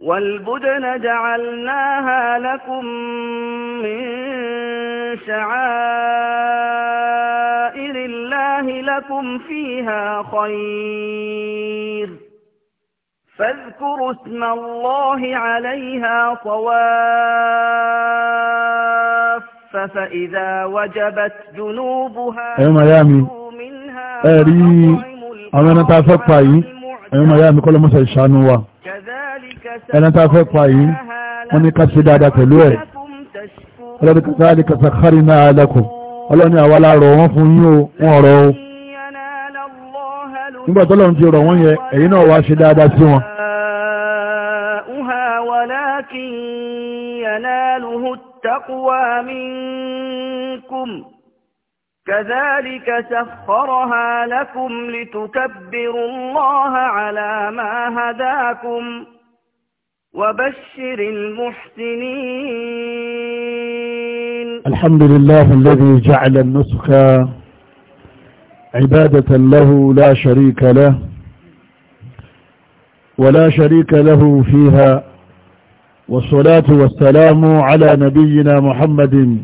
والبدن جعلناها لكم من شعائر الله لكم فيها خير فاذكروا اسم الله عليها طواف فإذا وجبت جنوبها أيوم أيامي أريد أنا نتعفق أيوة ميامي كل ما سيشانوا ẹni tá a fẹ́ pa yìí wọ́n ní ká ṣe dáadáa pẹ̀lú ẹ̀ ọlọ́dún kan sáà lè kẹsà kárí náà lẹ́kọ̀ọ́ ọlọ́ni àwa láàrọ̀ wọ́n fún yín o wọ́n rọ̀ o nígbà ti rọ̀ wọ́n yẹ ẹ̀yin náà wá ṣe dáadáa sí wọn. كذلك سخرها لكم لتكبروا الله على ما هداكم وبشر المحسنين الحمد لله الذي جعل النسخ عبادة له لا شريك له ولا شريك له فيها والصلاة والسلام على نبينا محمد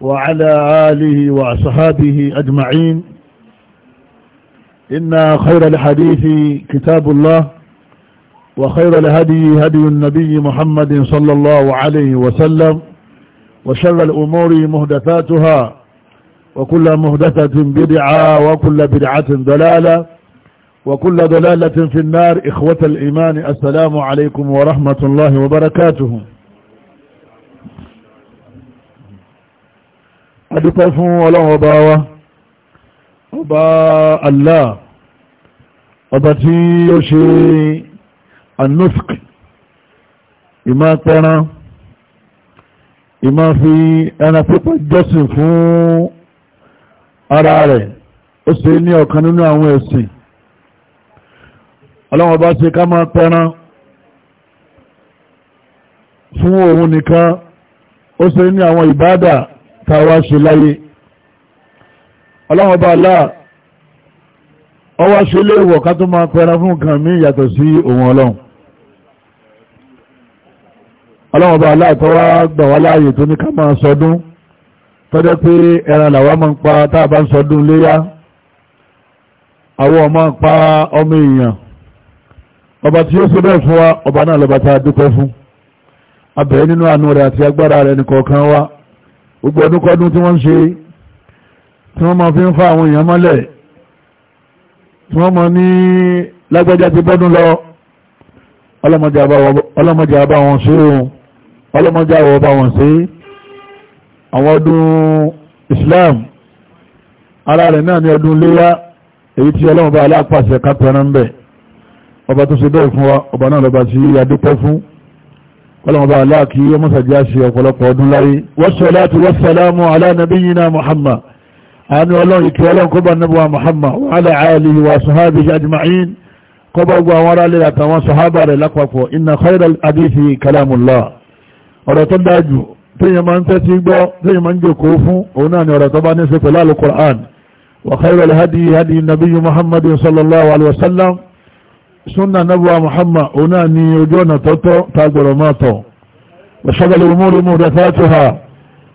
وعلى آله وأصحابه أجمعين إن خير الحديث كتاب الله وخير الهدي هدي النبي محمد صلى الله عليه وسلم وشر الأمور مهدفاتها وكل مهدثة بدعة وكل بدعة دلالة وكل دلالة في النار إخوة الإيمان السلام عليكم ورحمة الله وبركاته أدفعوا الله وباوة وباء الله وبتي يشيء maa ìmọ̀ pẹran ìmọ̀ fi ẹran pípa fún ara rẹ̀ ó ní ọ̀kan nínú àwọn ẹ̀sìn ọlọ́wọ́ ká máa pẹran fún òun nìkan ní àwọn láyé ọwọ́ sí ilé ìwọ̀ ká tó máa pẹ́ra fún nǹkan mí yàtọ̀ sí ohun ọlọ́run ọlọ́run ọba aláàtọ́ wá gbà wá láàyè tó ní ká máa sọdún tọ́jẹ́ pé ẹran làwa máa ń pa tá a bá ń sọdún léyá àwọn máa ń pa ọmọ èèyàn ọba tí ó ṣe bẹ́ẹ̀ fún wa ọba náà lọ́ba tá a dúpẹ́ fún abẹ̀rẹ̀ nínú àánú rẹ̀ àti agbára rẹ̀ nìkọ̀ọ̀kan wa gbogbo ọdún kọ́dún tí wọ́n ń ṣe tí wọ́n máa fi ń fa àwọn èèyàn mọ́lẹ̀ tí wọ́n mọ̀ ní lágbájá ti bọ́dún lọ ọlọ́mọdé àbá wọn sí òun ọlọ́mọdé àwọ̀ ọba wọn sí àwọn ọdún Islam ara rẹ̀ náà ní ọdún léyá èyí tí ọlọ́mọba aláàpàṣẹ kápẹ́rẹ́ ń bẹ̀ ọba tó ṣe bẹ́ẹ̀ fún wa ọba náà lọ́ba tí adúpẹ́ fún ọlọ́mọba aláàkí ọmọ sàjá ṣe ọ̀pọ̀lọpọ̀ ọdún láyé wasalatu wasalamu ala nabiyina Muhammad àánú ọlọ́run ìkẹ́ ọlọ́run kó bá nàbọ̀ Muhammad wa ala alihi wa sahabihi ajma'in kó bá gbogbo àwọn ará lẹ́yìn àtàwọn sahaba rẹ̀ lápapọ̀ inna khayral hadithi kalamullah ọ̀rọ̀ tó dájú téèyàn ń tẹ́tí gbọ́ téèyàn máa ń jòkóó fún òun náà ni ọ̀rọ̀ tó bá ní ṣe pẹ̀lú al-Qur'an wa khayral hadi hadi nabiyyu Muhammad sallallahu alaihi wa sallam sunna nabuwa muhammad ona ni ojú ọ̀nà tọ́tọ́ tagbọ̀rọ̀ máa tọ̀ wàṣọ́gbẹ̀lẹ̀ umúrùmú rẹ̀ fàájú ha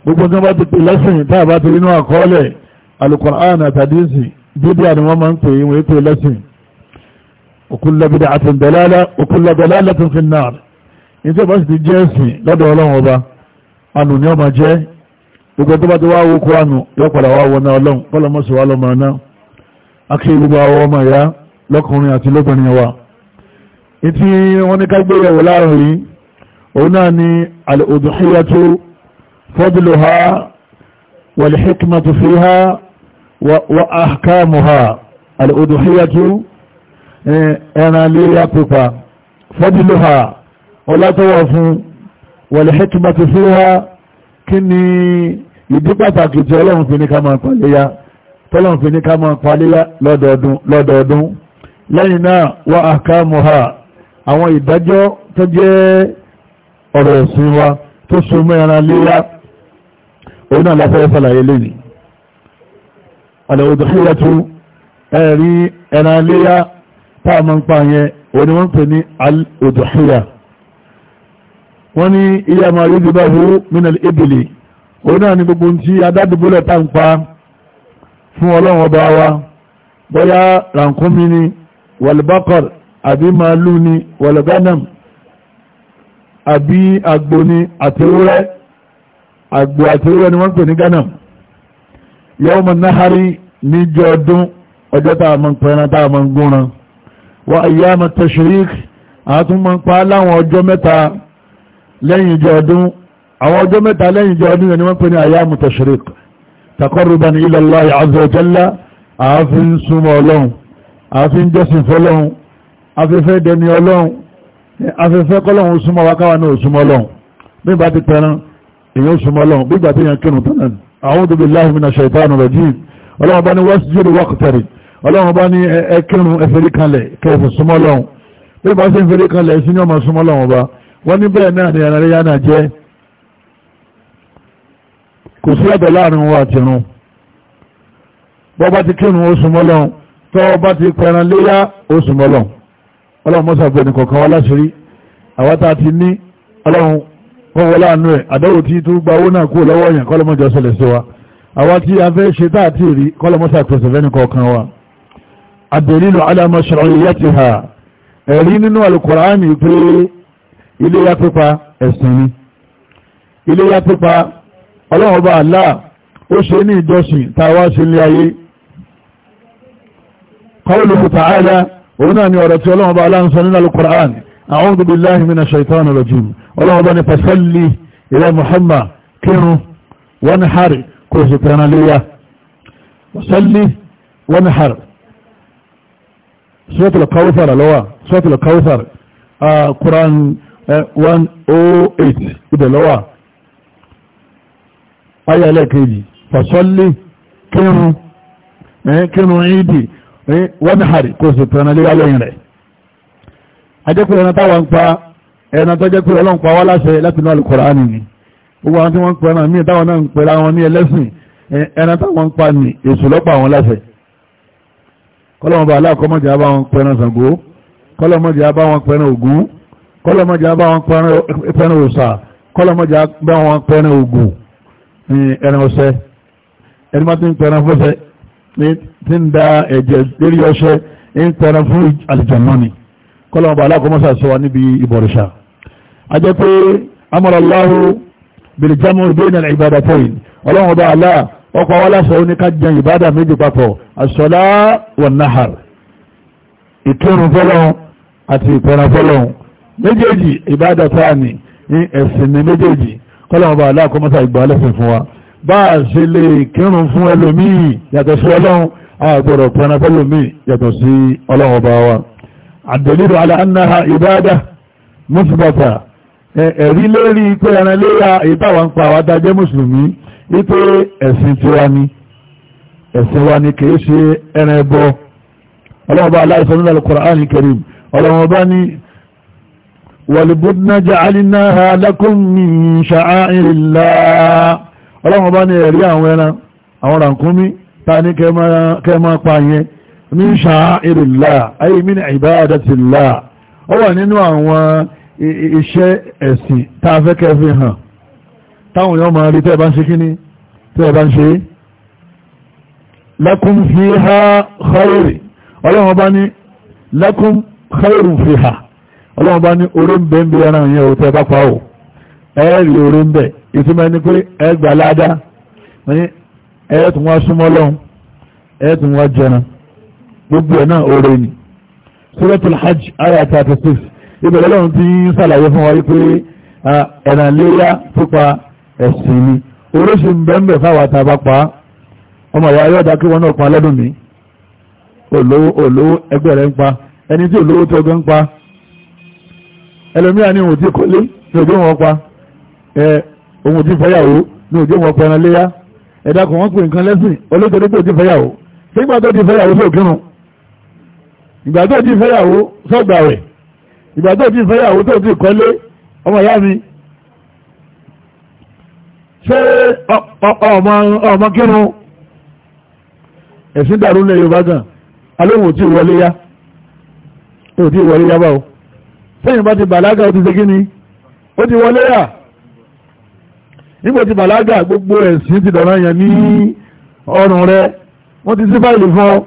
gbogbo ọjọ́ bá ti pè lẹ́sìn tàà bá ti rínú àkọọ́lẹ̀ alukur'an àtàdísì bídíà ni wọ́n máa ń pè é wọ́n pè lẹ́sìn òkúlẹ̀ bídíà àti dalala òkúlẹ̀ dalala tó fi náà nítorí bá sì ti jẹ́ ẹ̀sìn lọ́dọ̀ ọlọ́run ọba anù ni ọmọ jẹ́ gbogbo tó bá ti wá wókó anù yóò padà wá wọná ọlọ́run وأحكامها الأضحية أنا لي أقفى فضلها ولا توفوا والحكمة فيها كني ìdígbà pàtàkì tí ọlọ́run fi ní ká máa pàléyá tọ́lọ́run fi ní ká máa pàléyá lọ́dọọdún lẹ́yìn náà wà àkàmùhà àwọn ìdájọ́ tó jẹ́ ọ̀rọ̀ ẹ̀sìn wa tó so mẹ́ran léyá òun náà láfẹ́ fàlàyé lónìí àlẹ́wòdòfíwàtú ẹ̀rí ẹ̀ràn aléyá táà máa ń pa yẹn òní wọ́n pè ní àlẹ́wòdòfíwà wọ́n ní ilé àmà yóò bá hu mínà ìbìlì òun náà ni gbogbo ti adádìbólẹ̀ táà ń pa fún ọlọ́run ọba wa bóyá rànkúnmi ni ni yawma nahari níjọ ọdún ọjọ́ táà mọ́ pẹran táà mọ́ gúnran wa ayyama tashrik àtúnmọ́ pa láwọn ọjọ́ mẹ́ta lẹ́yìn ìjọ ọdún àwọn ọjọ́ mẹ́ta lẹ́yìn ìjọ ọdún yẹn ni wọ́n pè ní ayyamu tashrik taqarruban ila Allahi azza wa jalla àáfin súnmọ́ ọlọ́run àáfin jọ́sìn fọ́lọ́run afẹ́fẹ́ dẹni ọlọ́run afẹ́fẹ́ kọ́lọ́run súnmọ́ wákàwà náà súnmọ́ ọlọ́run bí ìgbà ti pẹran èèyàn súnmọ́ ọlọ́run bí ti yàn kírun tán náà a'udhu billahi minash shaitani rajim ọlọ́run bá ní wasjud waqtarib ọlọ́run bá ní ẹkẹrùn ẹfẹ́rí kanlẹ̀ kẹfù súnmọ́lọ́run bí bá sí ẹfẹ́rí kanlẹ̀ sí ní ọmọ súnmọ́lọ́run bá wọ́n ní bẹ́ẹ̀ náà ni ẹ̀rẹ́ yánà jẹ́ kò sí ẹ̀bẹ̀ láàrin wọn àti irun bọ́ bá ti kírun ó súnmọ́lọ́run tọ́ wọ́n wọ láàánú ẹ̀ àdáwò tí tó gba owó náà kú lọ́wọ́ yẹn kọ́lọ́mọ́jọ́ ṣẹlẹ̀ sí wa àwa tí a fẹ́ ṣe táàtì rí kọ́lọ́mọ́sà pèsè fẹ́ni kọ̀ọ̀kan wa àdèlílò alámọ̀ ṣàríyàtìhà ẹ̀rí nínú alukùránì pé iléyà pípa ẹ̀sìn ni iléyà pípa ọlọ́run bá Allah ó ṣe ní ìjọsìn táwa ṣe ní ayé kọ́lù ta'ala òun náà ni ọ̀rọ̀ tí ọlọ́run bá Allah ń sọ nínú alukùránì a'udhu billahi minash shaitani rajim ọlọ́wọ́ bá ní fasalli ila Muhammad kírun wanhar kò sì tẹ̀ràn léyà fasalli wanhar suratul Kawthar lọ́wà suratul Kawthar Quran 108 ibẹ̀ lọ́wà ayà lẹ́kẹ̀ẹ́jì fasalli kírun kírun ìdí wanhar kò sì tẹ̀ràn léyà lẹ́yìn rẹ̀ ajẹ́pẹ́ ẹran táwọn ń pa ẹran tó jẹ́ pé ọlọ́run pa wá láṣẹ láti inú Al-Kùránì ni gbogbo àwọn tí wọ́n ń pẹ̀ràn míì táwọn náà ń pẹ̀rẹ̀ àwọn ní ẹlẹ́sìn ẹran táwọn ń pa ní èṣù lọ́pọ̀ àwọn láṣẹ kọ́lọ́mọba aláàkọ́mọ̀jẹ́ abá wọn pẹ̀ràn Ṣàngó kọ́lọ́mọ̀jẹ́ abá wọn pẹ̀ràn Ògún kọ́lọ́mọ̀jẹ́ abá wọn pẹ̀ràn òòṣà kọ́lọ́mọ̀jẹ́ abá wọn pẹ̀ràn Ògún ní ẹran ọ̀sẹ̀ ẹni máa ti ń da ẹ̀jẹ̀ lórí ọṣẹ ń pẹ̀ràn fún àlìjàmọ́ni kọ́lọ́mọba aláàkọ́mọ́sà sọ wa níbi ìbọ̀rìṣà a jẹ́ pé amọ̀lọ́láhù bìrìjámù bẹ́ẹ̀nà ìbádàtẹ́yìn ọlọ́mọba aláà ọkọ̀ aláṣọ oníkájẹ ìbádà méjì papọ̀ àṣọlá wà náhàr ìkírun fọ́lọ́hun àti ìpẹran fọ́lọ́hun méjèèjì ìbádàtáàni ní ẹ̀sìn ní méjèèjì kọ́lọ́mọba aláàkọ́mọ́sà ìgbà lẹ́sìn fún wa bá a ṣe lè kírun fún ẹlòmíì yàtọ̀ sí ọlọ́run àgbọ̀rọ̀ pẹran fẹ́lòmíì yàtọ̀ sí ọlọ́run ọba wa àdọ̀lérò aláàánáha ìbáadà mọ́sùbọ̀tà ẹ̀rí lórí pé ẹran léyà ìtawà ń pa àwọn adájẹ́ mùsùlùmí wípé ẹ̀sìn tiwa ni ẹ̀sìn wa ni kìí ṣe ẹran ẹbọ ọlọ́ọ̀bá aláìsàn nílẹ̀ Al-Qur'an Karim ọlọ́ọ̀bá ni wàlìbùdínà jẹ́ alínáha lakum min sha'airillah ẹ̀rí àwọn ẹran àwọn rànkúnmí min sha'airillah ay min ibadatillah ó wà nínú àwọn iṣẹ́ ẹ̀sìn tá a fẹ́ kẹ́ fi hàn táwọn yóò máa rí tẹ́ bá ń ṣe kíní tẹ́ bá ń ṣe lakum fiha khayri ọlọ́run bá ní lakum khayrun fiha ọlọ́run bá ní orí ń bẹ́ ń bí ẹran yẹn ò tẹ́ bá pa ò ẹ̀ẹ́rì orí ń bẹ̀ ìtumọ̀ ni pé ẹgbàládá ẹ̀ẹ́tùn wá súnmọ́ lọ́hun ẹ̀ẹ́tùn wá jẹran gbogbo ẹ̀ náà oore ni suratul hajj aya thirty six ibẹ̀ lọ́lọ́run ti ń ṣàlàyé fún wa wípé ẹ̀ràn léyà pípa ẹ̀sìn ni oríṣi ń bẹ́ẹ̀ fáwọn àtàbà pa ọmọ ìyá ayọ́dá kí wọ́n náà pa lọ́dún mi olówó olówó ẹgbẹ́ rẹ̀ ń pa ẹni tí olówó tó gbẹ́ ń pa ẹlòmíà ní òun ti kọ́lé ní òjò wọn pa ẹ òun ti fẹ́yàwó ní òjò wọn pa ẹran ẹ̀dá kan wọ́n pè nǹkan lẹ́sìn olóòtú pé òun ti fẹ́yàwó sígbà tó ti fẹ́yàwó sókè rùn ìgbà tó ti fẹ́yàwó sọ́gbàwẹ̀ ìgbà tó ti fẹ́yàwó tó ti kọ́lé ọmọ ìyá mi ṣé ọmọ kírun ẹ̀sìn dàrú lẹ Yorùbá gan alóhùn tí wọlé yá tó ti wọlé yá o sẹ́yìn bá ti bàlágà ó ti ṣe kíni ó ti wọlé yá nígbà tí bàlágà gbogbo ẹ̀sìn ti dọ̀rọ̀ yẹn ní ọrùn rẹ wọ́n ti sí fáìlì fún ọ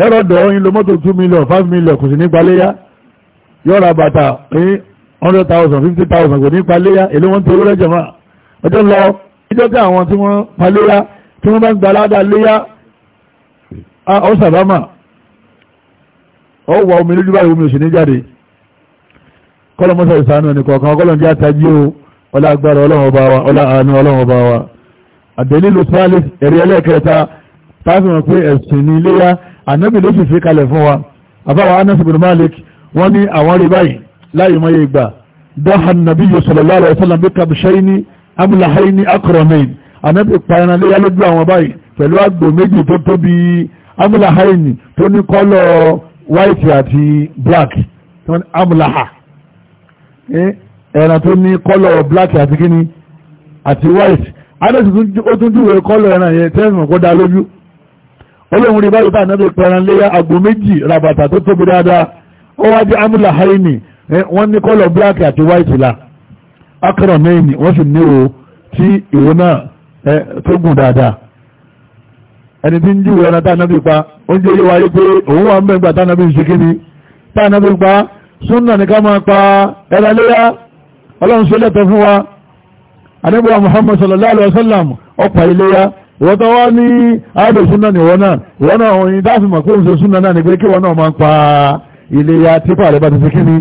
ẹ̀rọ dọ̀ ọyìn lo mọ́tò two million five million kò sí ní gbaléyà yọ̀ọ̀ra bàtà ní hundred thousand fifty thousand kò ní gbaléyà èlé wọn tó lọ́rẹ́ jẹ̀mọ́ ọjọ́ lọ ìjọ tí àwọn tí wọ́n paléyà tí wọ́n bá ń gbalada léyà ọ sàbámà ọ wà omi lójú báyìí omi ò sì ní jáde kọ́lọ́mọ́sá ìsànú ẹnì kọ̀ọ̀kan ọgọ́lọ́njẹ́ àtàjí o ọlá agbára ọlọ́run ọba wa ọlá àánú ọlọ́run ọba wa àdénílù sálẹ̀ ẹ̀rí ẹlẹ́ẹ̀kẹta táàfihàn pé ẹ̀sìn ní iléyà ànábì ló sì fi kalẹ̀ fún wa àbáwá Anas bin Malik wọ́n ní àwọn rí báyìí láyé mọ́ yẹ gbà dáhà nàbí yóò sallallahu alaihi wasallam bí kabṣẹ́ ní amúláhàí ní akọ̀rọ̀mẹ́yìn ànábì pààyàn léyà lójú àwọn báyìí pẹ̀lú àgbò méjì tó tóbi amúláhàí ní tó ní kọ́lọ̀ white àti black amúláhà ẹran tó ní kọ́lọ̀ black àti kíní àti white adẹ́sì ó tún júwèé kọ́lọ̀ ẹran yẹn tẹ́sán olóhun rí báyìí báyìí náà pẹran léyà àgbò méjì rabata tó tóbi dáadáa ó wá jẹ́ amúlà haini wọ́n ní kọ́lọ̀ black àti white la akọ̀rọ̀ mẹ́yìnì wọ́n sì níwò tí ìwò náà tó gùn dáadáa ẹni tí ń jíwèé ọ̀nà tánàbí pa oúnjẹ yóò wáyé pé òun wà ń bẹ̀gbà tánàbí ṣe kí ni tánàbí pa súnà ní ká máa pa ẹ̀rọ léyà ọlọ́run ṣe lẹ́tọ̀ fún wa anábíwá Muhammad sallallahu alaihi wa sallam ọ̀pá iléyà ìwọ́n tó wá ní àádọ́ súnà nìwọ́n náà ìwọ́n náà òyìn dáàfin mọ̀ pé oṣù súnà náà ní pé kíwọ́n náà máa ń pa iléyá tipa rẹ̀ bá ti fi kíní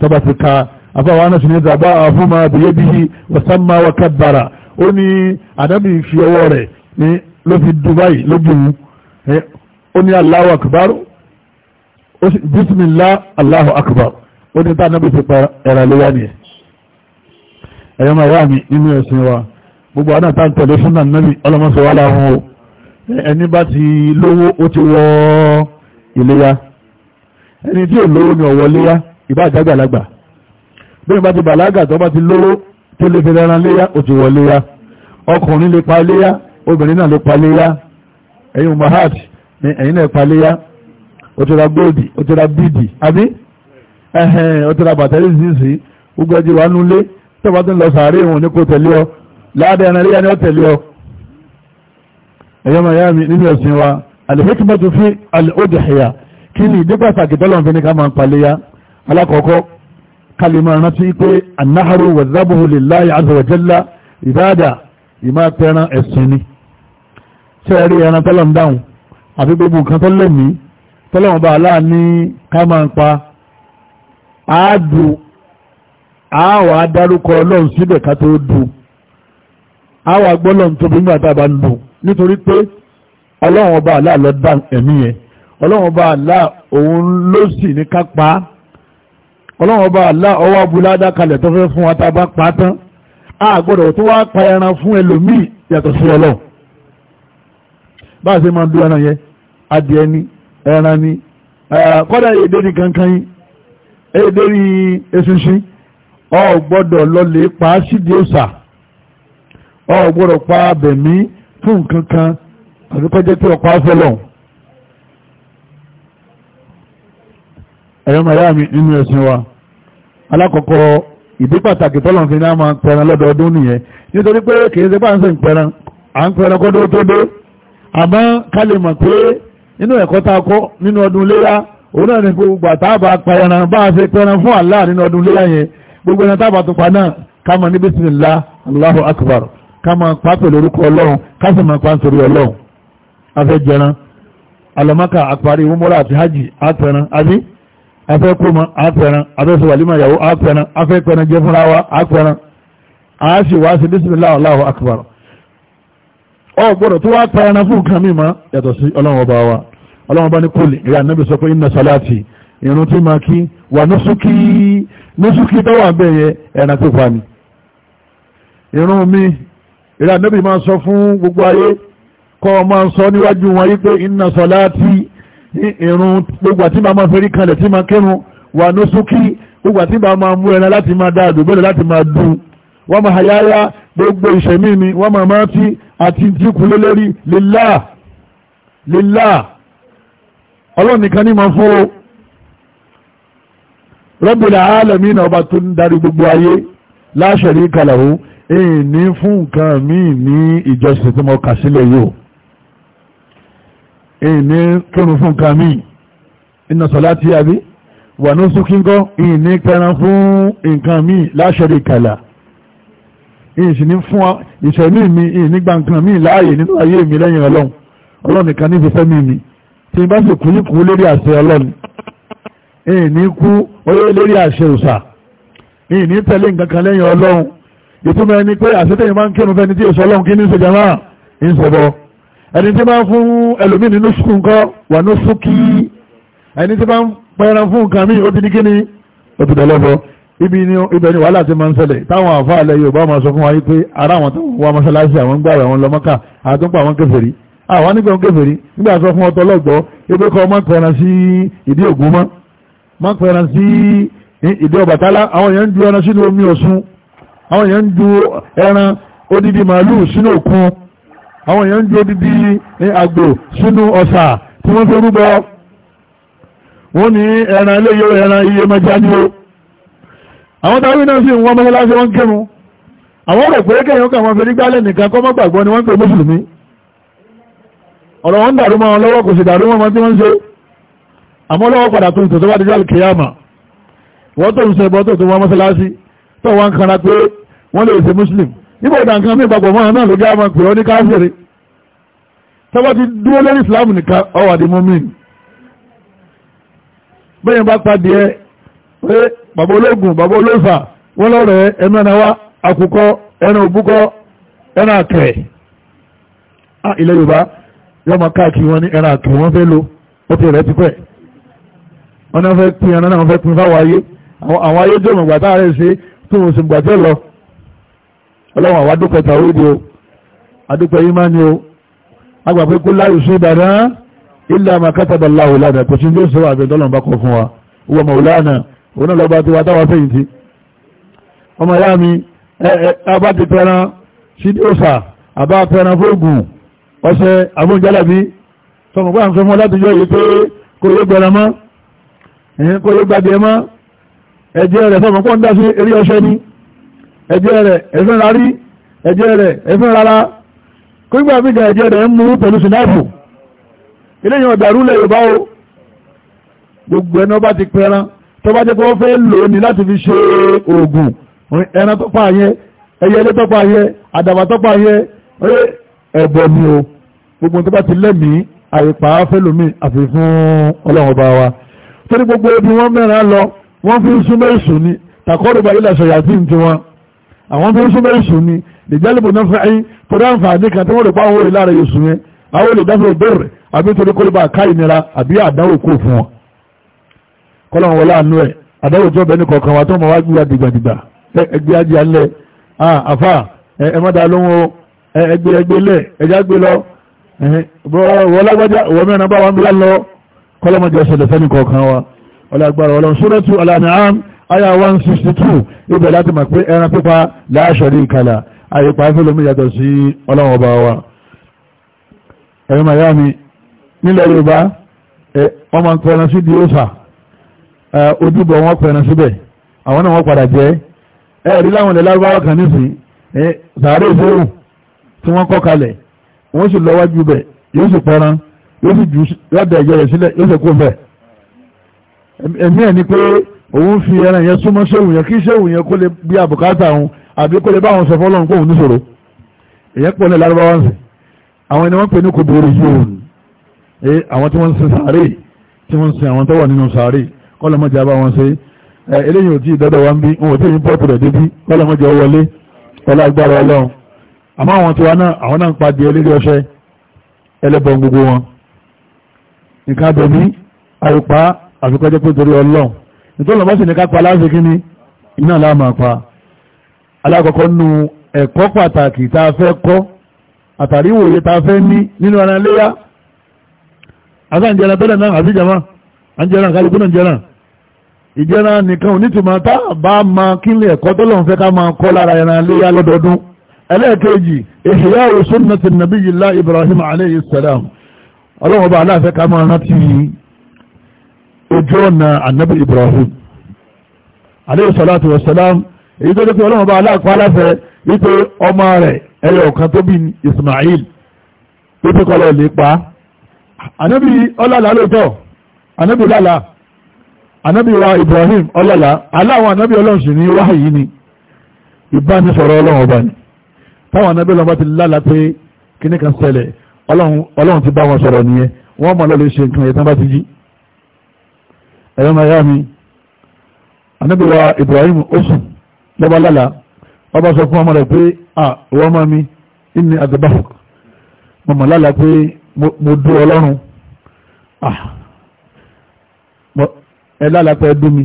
tó bá ti ka afáwọn anáṣù ní ìdàgbà àfúnmá bìyẹ́bìyí wàsánmá wákàbàrà ó ní àdábì fi ọwọ́ rẹ̀ ní ló fi dubai lójúmú ó ní Allahu akbar ó sì akbar ó ní tá àdábì fi pa ẹ̀rà lówá ni ẹ̀yọ́ gbogbo àdá tá ń tẹ̀lé súnà nàbì ọlọ́mọsọ wà láwọn o ẹni bá ti lówó ó ti wọ iléyá ẹni tí ò lówó ni ọ̀wọ́ léyá ìbá àjágbàlagbà bẹ́ẹ̀ bá ti bàlágà tó bá ti lówó tó lè fi rẹran léyá ó ti wọ léyá ọkùnrin lè pa léyá obìnrin náà lè pa léyá ẹ̀yin mahat ni ẹ̀yin náà pa léyá ó ti ra góòdì ó ti ra bíìdì àbí ẹ̀hẹ̀n ó ti ra bàtẹ́rì sísì gbogbo ẹjì wà nulẹ̀ tó bá ti lọ sàárè òun ní kò tẹ̀lé ọ láàdẹ̀ ẹ̀rẹ̀ ríyà ni ó tẹ̀lé ọ ẹ̀yọ́ miami nínú ẹ̀sìn wa alìfẹ́kìmọ́tò fi alìódìhìyà kí ni ìdí pàtàkì tọ́lọ̀ fi ní ká máa paléyà alákọ̀ọ́kọ́ kalima rántí pé anáhàrú wàzábùhù lillahi azza wa jalla ìbáàdà ìmá tẹran ẹ̀sìn ni sẹ́ẹ̀rí ẹran tọ́lọ̀ ń dáhùn àfi gbogbo nǹkan tó lẹ́mí tọ́lọ̀ ọba aláà ní ká pa áàdù àáwà dárúkọ ọlọ́run síbẹ̀ ká tó dùn àwa gbọ́lọ̀ tóbi nígbà tá a bá ń lò nítorí pé ọlọ́run ọba àlá lọ dá ẹ̀mí yẹn ọlọ́run ọba àlá òun ló sì ní ká pa á ọlọ́run ọba àlá ọwọ́ abúládá kalẹ̀ tó fẹ́ fún wa tá a bá pa á tán a gbọ́dọ̀ tó wá pa ẹran fún ẹlòmíì yàtọ̀ sí ọlọ́run bá ṣe máa ń dúró ẹran yẹn adìẹ ni ẹran ni kọ́dà èdè ní kankan yìí èdè ní eṣinṣin ọ gbọ́dọ̀ lọ lè pa á sídìí òòsà. ọ gbọ́dọ̀ pa abẹ̀mí fún nǹkan kan àti kọjá pé ọ̀pá fẹ́lọ̀ ẹ̀yọ́ màyá mi nínú ẹ̀sìn wa alákọ̀ọ́kọ́ ìdí pàtàkì tọ́lọ̀ fi náà máa pẹran lọ́dọọdún nìyẹn nítorí pé ṣe pẹran à ń pẹran tó dé àmọ́ ká lè mọ̀ pé nínú ẹ̀kọ́ tá a kọ́ nínú ọdún léyà òun náà ní gbogbo àtàbà pẹran bá a ṣe pẹran fún Allah nínú ọdún léyà yẹn gbogbo tó pa náà ká mọ̀ ká máa pa pẹ̀lú orúkọ ọlọ́run ká sì máa pa nítorí ọlọ́run afẹ́ jẹran alọ́mọ́kà àparí umura àti hajj àpẹran àbí afẹ́ kúròmọ́ àpẹran afẹ́ sọ̀wàlímọ̀ ìyàwó àpẹran afẹ́ pẹran jẹ́ fúnra wa àpẹran a sì wá sí bísímìlá Allahu akbar ọ gbọ́dọ̀ tó wá pẹran fún nǹkan mímọ́ yàtọ̀ sí ọlọ́run ọba wa ọlọ́run ọba ní kúlì ìyá nẹ́bí sọ pé inna salati irun tí máa kí wà nusuki nusuki dọ́wà bẹ́ẹ̀ yẹ ẹ̀ràn ìrẹ́ ànábì máa sọ fún gbogbo ayé kọ́ máa sọ níwájú wọn wípé inna salati ìrun gbogbo àti máa máa fẹ́rí kalẹ̀ tí máa kírun wa nusuki gbogbo àti máa máa mú ẹran láti máa dáadò bẹ́ẹ̀ láti máa dùn wa mahayaya gbogbo ìṣẹ̀mí mi wa mamati àti jíkulé lórí lillah lillah ọlọ́run nìkan ní máa fún rabbil alamin ọba tó ń darí gbogbo ayé la sharika lahu èèní fún nǹkan míì ní ìjọsìn tí mo kà sílẹ̀ yóò èèní kírun fún nǹkan míì inna salati àbí wa nusuki ńkọ́ èèní kẹran fún nǹkan míì la sharika lahu ìṣẹ̀ní fún ìṣẹ̀mí mi ìní gba nǹkan míì láàyè nínú ayé mi lẹ́yìn ọlọ́run ọlọ́run nìkan ní ìfẹ́fẹ́ mi mi tí n bá sì kú yìí kú lórí àṣẹ ọlọ́run èèní kú lórí àṣẹ òṣà ní ìní tẹ̀lé nǹkan kan lẹ́yìn ọlọ́run ìtumọ̀ ẹni pé àṣetẹ̀yìn máa ń kírun fẹ́ni tí èso ọlọ́run kí ní ìṣèjọ náà ń ṣẹbọ ẹni tí máa ń fún ẹlòmíì nínú sùkú nǹkan wà ní sókí ẹni tí máa ń pẹran fún nǹkan míì ó ti ní kíni ó ti dọ̀lọ́bọ ibi ni ibẹ̀ ni wàhálà ti máa ń ṣẹlẹ̀ táwọn àfáàlẹ̀ Yorùbá máa sọ fún wa pé ara àwọn tó wà mọ́ṣáláṣí àwọn ń gbààwẹ̀ àwọn lọ́mọ́kà àtúnpọ̀ àwọn kèfèrí àwọn nígbà ń kèfèrí nígbà sọ fún ọtọ lọ́gbọ́ ebe kọ́ máa pẹran sí ìdí ògún mọ́ máa pẹran sí ìdí Ọbàtálá àwọn èèyàn ń ju ẹran sínú omi Ọ̀ṣun àwọn èèyàn ń ju ẹran odidi màálù sínú òkun àwọn èèyàn ń ju odidi àgbò sínú ọ̀sà tí wọ́n fi rúbọ wọ́n ní ẹran eléyìí ẹran iye mẹ́ta ni ó àwọn táwọn náà sì ń wọ́n mọ́sálásí wọ́n kírun àwọn rẹ̀ pé kéèyàn kà wọ́n gbálẹ̀ nìkan kọ́ ni wọ́n pè mùsùlùmí ọ̀rọ̀ wọn dàrú mọ́ wọn lọ́wọ́ kò sì dàrú mọ́ wọn tí wọ́n ń wọ́n tó ń sọ ẹbọ tó tó wọ́n mọ́sálásí tó wọ́n kanra pé wọ́n lè ṣe muslim nígbà ìdá nǹkan mìíràn papọ̀ mọ́ra náà ló já máa pè ní káfíìrì tọ́wọ́ ti dúró lórí islam nìkan ọwà di bẹ́ẹ̀ bá ẹ pé bàbá ológun bàbá wọ́n lọ́rẹ̀ ẹnu ẹ̀nà wa àkùkọ ẹnu òbúkọ ẹnu àkẹ́ ah, ilẹ̀ yorùbá yọmọ káàkiri wọn ẹnu àkẹ́ wọn fẹ́ lo ó ti rẹ̀ wọn náà fẹ́ pin ẹran náà wọn fẹ́ pin fáwọn àwọn ayé tó mọ̀gbà tá a rẹ̀ ṣe tó mọ̀ sí gbà tó lọ ọlọ́run àwọn adúpẹ́ tàwídì o adúpẹ́ ìmáni o agbà pé kó láyò sí ìdáná ilẹ̀ àmàkátàbà láwò lánàá kò sí ní oṣù àbẹ̀ tọ́lọ̀ bá kọ fún wa wọ́n mọ̀ lánàá òun náà ẹ̀jẹ̀ rẹ̀ fọmọ pọ́ ń dá sí eré ọṣẹ ni ẹ̀jẹ̀ rẹ̀ ẹ̀fẹ́ rárí ẹ̀jẹ̀ rẹ̀ ẹ̀fẹ́ rárá kóńgbà fíjà ẹ̀jẹ̀ rẹ̀ ń mú pẹ̀lú sinapu eléyìí ọ̀dàrú lẹ̀ yorùbá o gbogbo ẹni ọba ti pẹran tó bá jẹ́ pé wọ́n fẹ́ lò ní láti fi ṣe oògùn ẹran tọ́pọ̀ ayẹ ẹyẹlé tọ́pọ̀ ayẹ àdàbà tọ́pọ̀ ayẹ ẹ̀bọ̀ ni o gbogbo tó bá ti lẹ́mìí àyípa fẹ́lòmíì àfi fún ọlọ́run ọba wa torí gbogbo ibi wọ́n mẹ́rin lọ wọ́n fi ń súnmọ́ èṣù ni takọ́rọ̀bà ilẹ̀ ṣọ̀yàtì ń tiwọn àwọn fi ń súnmọ́ èṣù ni lè jálẹ̀bù náà fẹ́ torí àǹfààní kan tí wọ́n lè pa àwọn olè lára èṣù yẹn àwọn olè dáfẹ́ bẹ̀rẹ̀ àbí torí kó lè ìnira àbí àdáwò kó fún wọn. kọ́lọ̀ wọlé àánú ẹ̀ àdáwò tó bẹ́ẹ̀ ní kọ̀ọ̀kan wa tó mọ̀ wá gbúra dìgbàdìgbà ẹgbẹ́ ajé alẹ́ àfà ẹ má da lóhùn ẹgbẹ́ ẹgbẹ́ lẹ̀ ẹjá gbé lọ wọ́n lágbájá wọ́n mẹ́rin bá wa wa ọlágbára ọlọ́run sórẹ́tù al-An'am aya 162 ibẹ̀ láti mọ̀ pé ẹran pípa la sharika lah àyípa fẹ́lómi yàtọ̀ sí ọlọ́run ọba wa ẹ̀rọ miami nílẹ̀ yorùbá wọ́n máa ń pẹran sí di òòsà ojúbọ wọn pẹran síbẹ̀ àwọn náà wọ́n padà jẹ́ ẹ̀rí láwọn ilẹ̀ lárúbáwá kan nísìn sàárè ìṣòro tí wọ́n kọ́ kalẹ̀ wọ́n sì lọ́wọ́ ju bẹ̀ yóò sì pẹran yóò sì jù yọ̀dẹ̀ ẹ̀jẹ̀ rẹ̀ sílẹ̀ yóò sì kó bẹ́ẹ̀ ẹ̀mí ẹ̀ ni pé òun fi ẹran yẹn súnmọ́ ṣéwù yẹn kí ṣéwù yẹn kó lè bí àbùkátà òun àbí kó lè bá àwọn sọ fọ́lọ́run kó òun níṣòro èyẹ pọ̀ ní lárúbáwá ń sìn àwọn ẹni wọ́n pè ní kòdòrò yóò ẹ àwọn tí wọ́n ń sin sàárè tí wọ́n ń sin àwọn tó wà nínú sàárè kọ́lọ́mọ́jà bá wọn ṣe ẹ eléyìí ò tí ì dọ́dọ̀ wá ń bí wọn ò tí ì pọ́ọ̀tù rẹ̀ débí kọ́lọ́mọ́jà àfikọ́jẹ́ pé torí ọlọ́run nítorí ọlọ́mọ́sí ní kápá aláṣẹ kí ni iná láàmà pa alákọ̀ọ́kọ́ nu ẹ̀kọ́ pàtàkì tá a fẹ́ kọ́ àtàrí ìwòye tá a fẹ́ ní nínú ara léyà asáǹjẹran tẹ́lẹ̀ náà àti jama àǹjẹran kálukú náà jẹran ìjẹran nìkan ò nítumọ̀ tá a bá máa kí lè ẹ̀kọ́ tó lọ́n fẹ́ ká máa kọ́ lára ẹran léyà lọ́dọọdún ẹlẹ́ẹ̀kejì ìṣìyà sunnati nabiyillah Ibrahim alayhi salam ọlọ́run ọba aláàfẹ́ ká máa rántí ojú ọ̀nà anabi ibrahim aleyhi salatu wa salam èyí tó dẹ́kun ọlọ́run bá aláàkọ́ aláfẹ́ wípé ọmọ rẹ̀ ẹyọ ọ̀kan tó bí ismail wípé kọ́lọ̀ lè pa anabi ọlọ́lá lóòótọ́ anabi lálá anabi wa ibrahim ọlọ́lá aláwọn anabi ọlọ́run sì ní wáhàyí ni ìbánisọ̀rọ̀ ọlọ́run ọba ni táwọn anabi ọlọ́run bá ti lálá pé kíní kan ṣẹlẹ̀ ọlọ́run ti bá wọn sọ̀rọ̀ nìyẹn wọ́n mọ̀ lọ́lọ́ ṣe nǹkan yẹn tán bá ti jí ẹ̀yọ́ máa yá Ibrahim oṣù lọ́ba lálá ọba sọ fún ọmọ rẹ̀ pé ah ìwọ ọmọ mi inni adébáfọ̀ mọ̀mọ́ lálá pé mo dú ọlọ́run ah ẹ lálá pé dú mi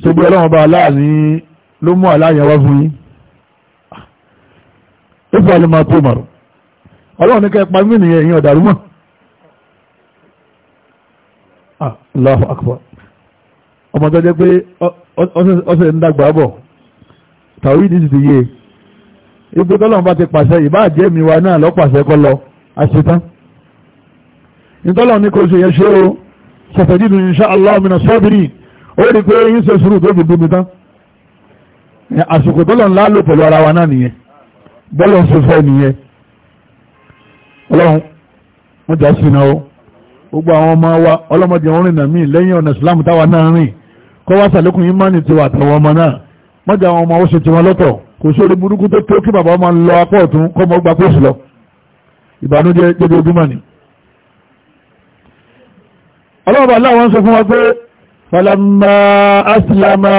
ṣe bí ọlọ́run ọba aláàní ló mú aláàyàn wá fún yín ó fọ́ alẹ́ máa tó mọ̀rọ̀ ọlọ́run ní kẹ́ mí nìyẹn ìyẹn ọ̀dàrú mọ̀. Allahu Akbar ọmọ tó jẹ́ pé ọ̀sẹ̀ ń dàgbà bọ̀ tàwí ní ti yé ipò tọ́lọ́mù bá ti pàṣẹ ìbá jẹ́ mi wa náà lọ́pàṣẹ kọ́ lọ àṣetán ní kò ṣe ṣe o sọ̀tẹ̀dínú Allah mina sọ́bìrì ó rí pé yín ṣe sùúrù tó fi tán àsìkò pẹ̀lú ara wa náà nìyẹn bọ́lọ̀ ń ṣe fẹ́ nìyẹn ọlọ́run wọ́n jà sí gbogbo àwọn ọmọ wa ọlọ́mọdé wọn rìn nàmí lẹ́yìn ọ̀nà Islam táwa náà rìn kọ́ wá sàlékún ìmánì tiwa àtàwọn ọmọ náà mọ́jà àwọn ọmọ ó ṣe tiwọn lọ́tọ̀ kò sí orí burúkú tó tó kí bàbá ọmọ ń lọ apọ̀ ọ̀tún kọ́ mọ́ gba pósì lọ ìbànújẹ́ jẹ́jẹ́ ojúmọ̀ ni. ọlọ́ọ̀bà láwọn sọ fún wa pé falama asilama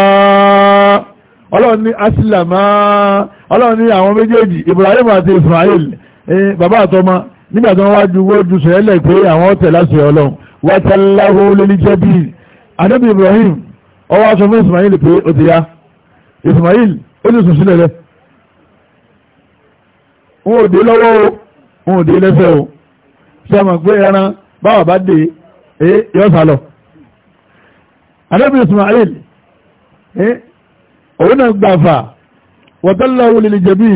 ọlọ́run ní asilama ọlọ́run ní àwọn méjèèjì Ibrahim àti Israel eh, bàbá àtọmọ nígbà tó wá ju wọ́jú sẹ́lẹ̀ pé àwọn tẹ̀ láti ọlọ́run wá tẹ́láwó lórí jẹ́bí adébí Ibrahim ọwọ́ aṣọ fún Ismail pé ó ti yá Ismail ó ti sùn sílẹ̀ rẹ̀ wọn ò dé lọ́wọ́ o wọn ò dé lẹ́sẹ̀ o ṣe mọ̀ pé ẹran báwa bá dé e yọ sá lọ adébí Ismail òun náà gbàfà wọ́tẹ́láwó lórí jẹ́bí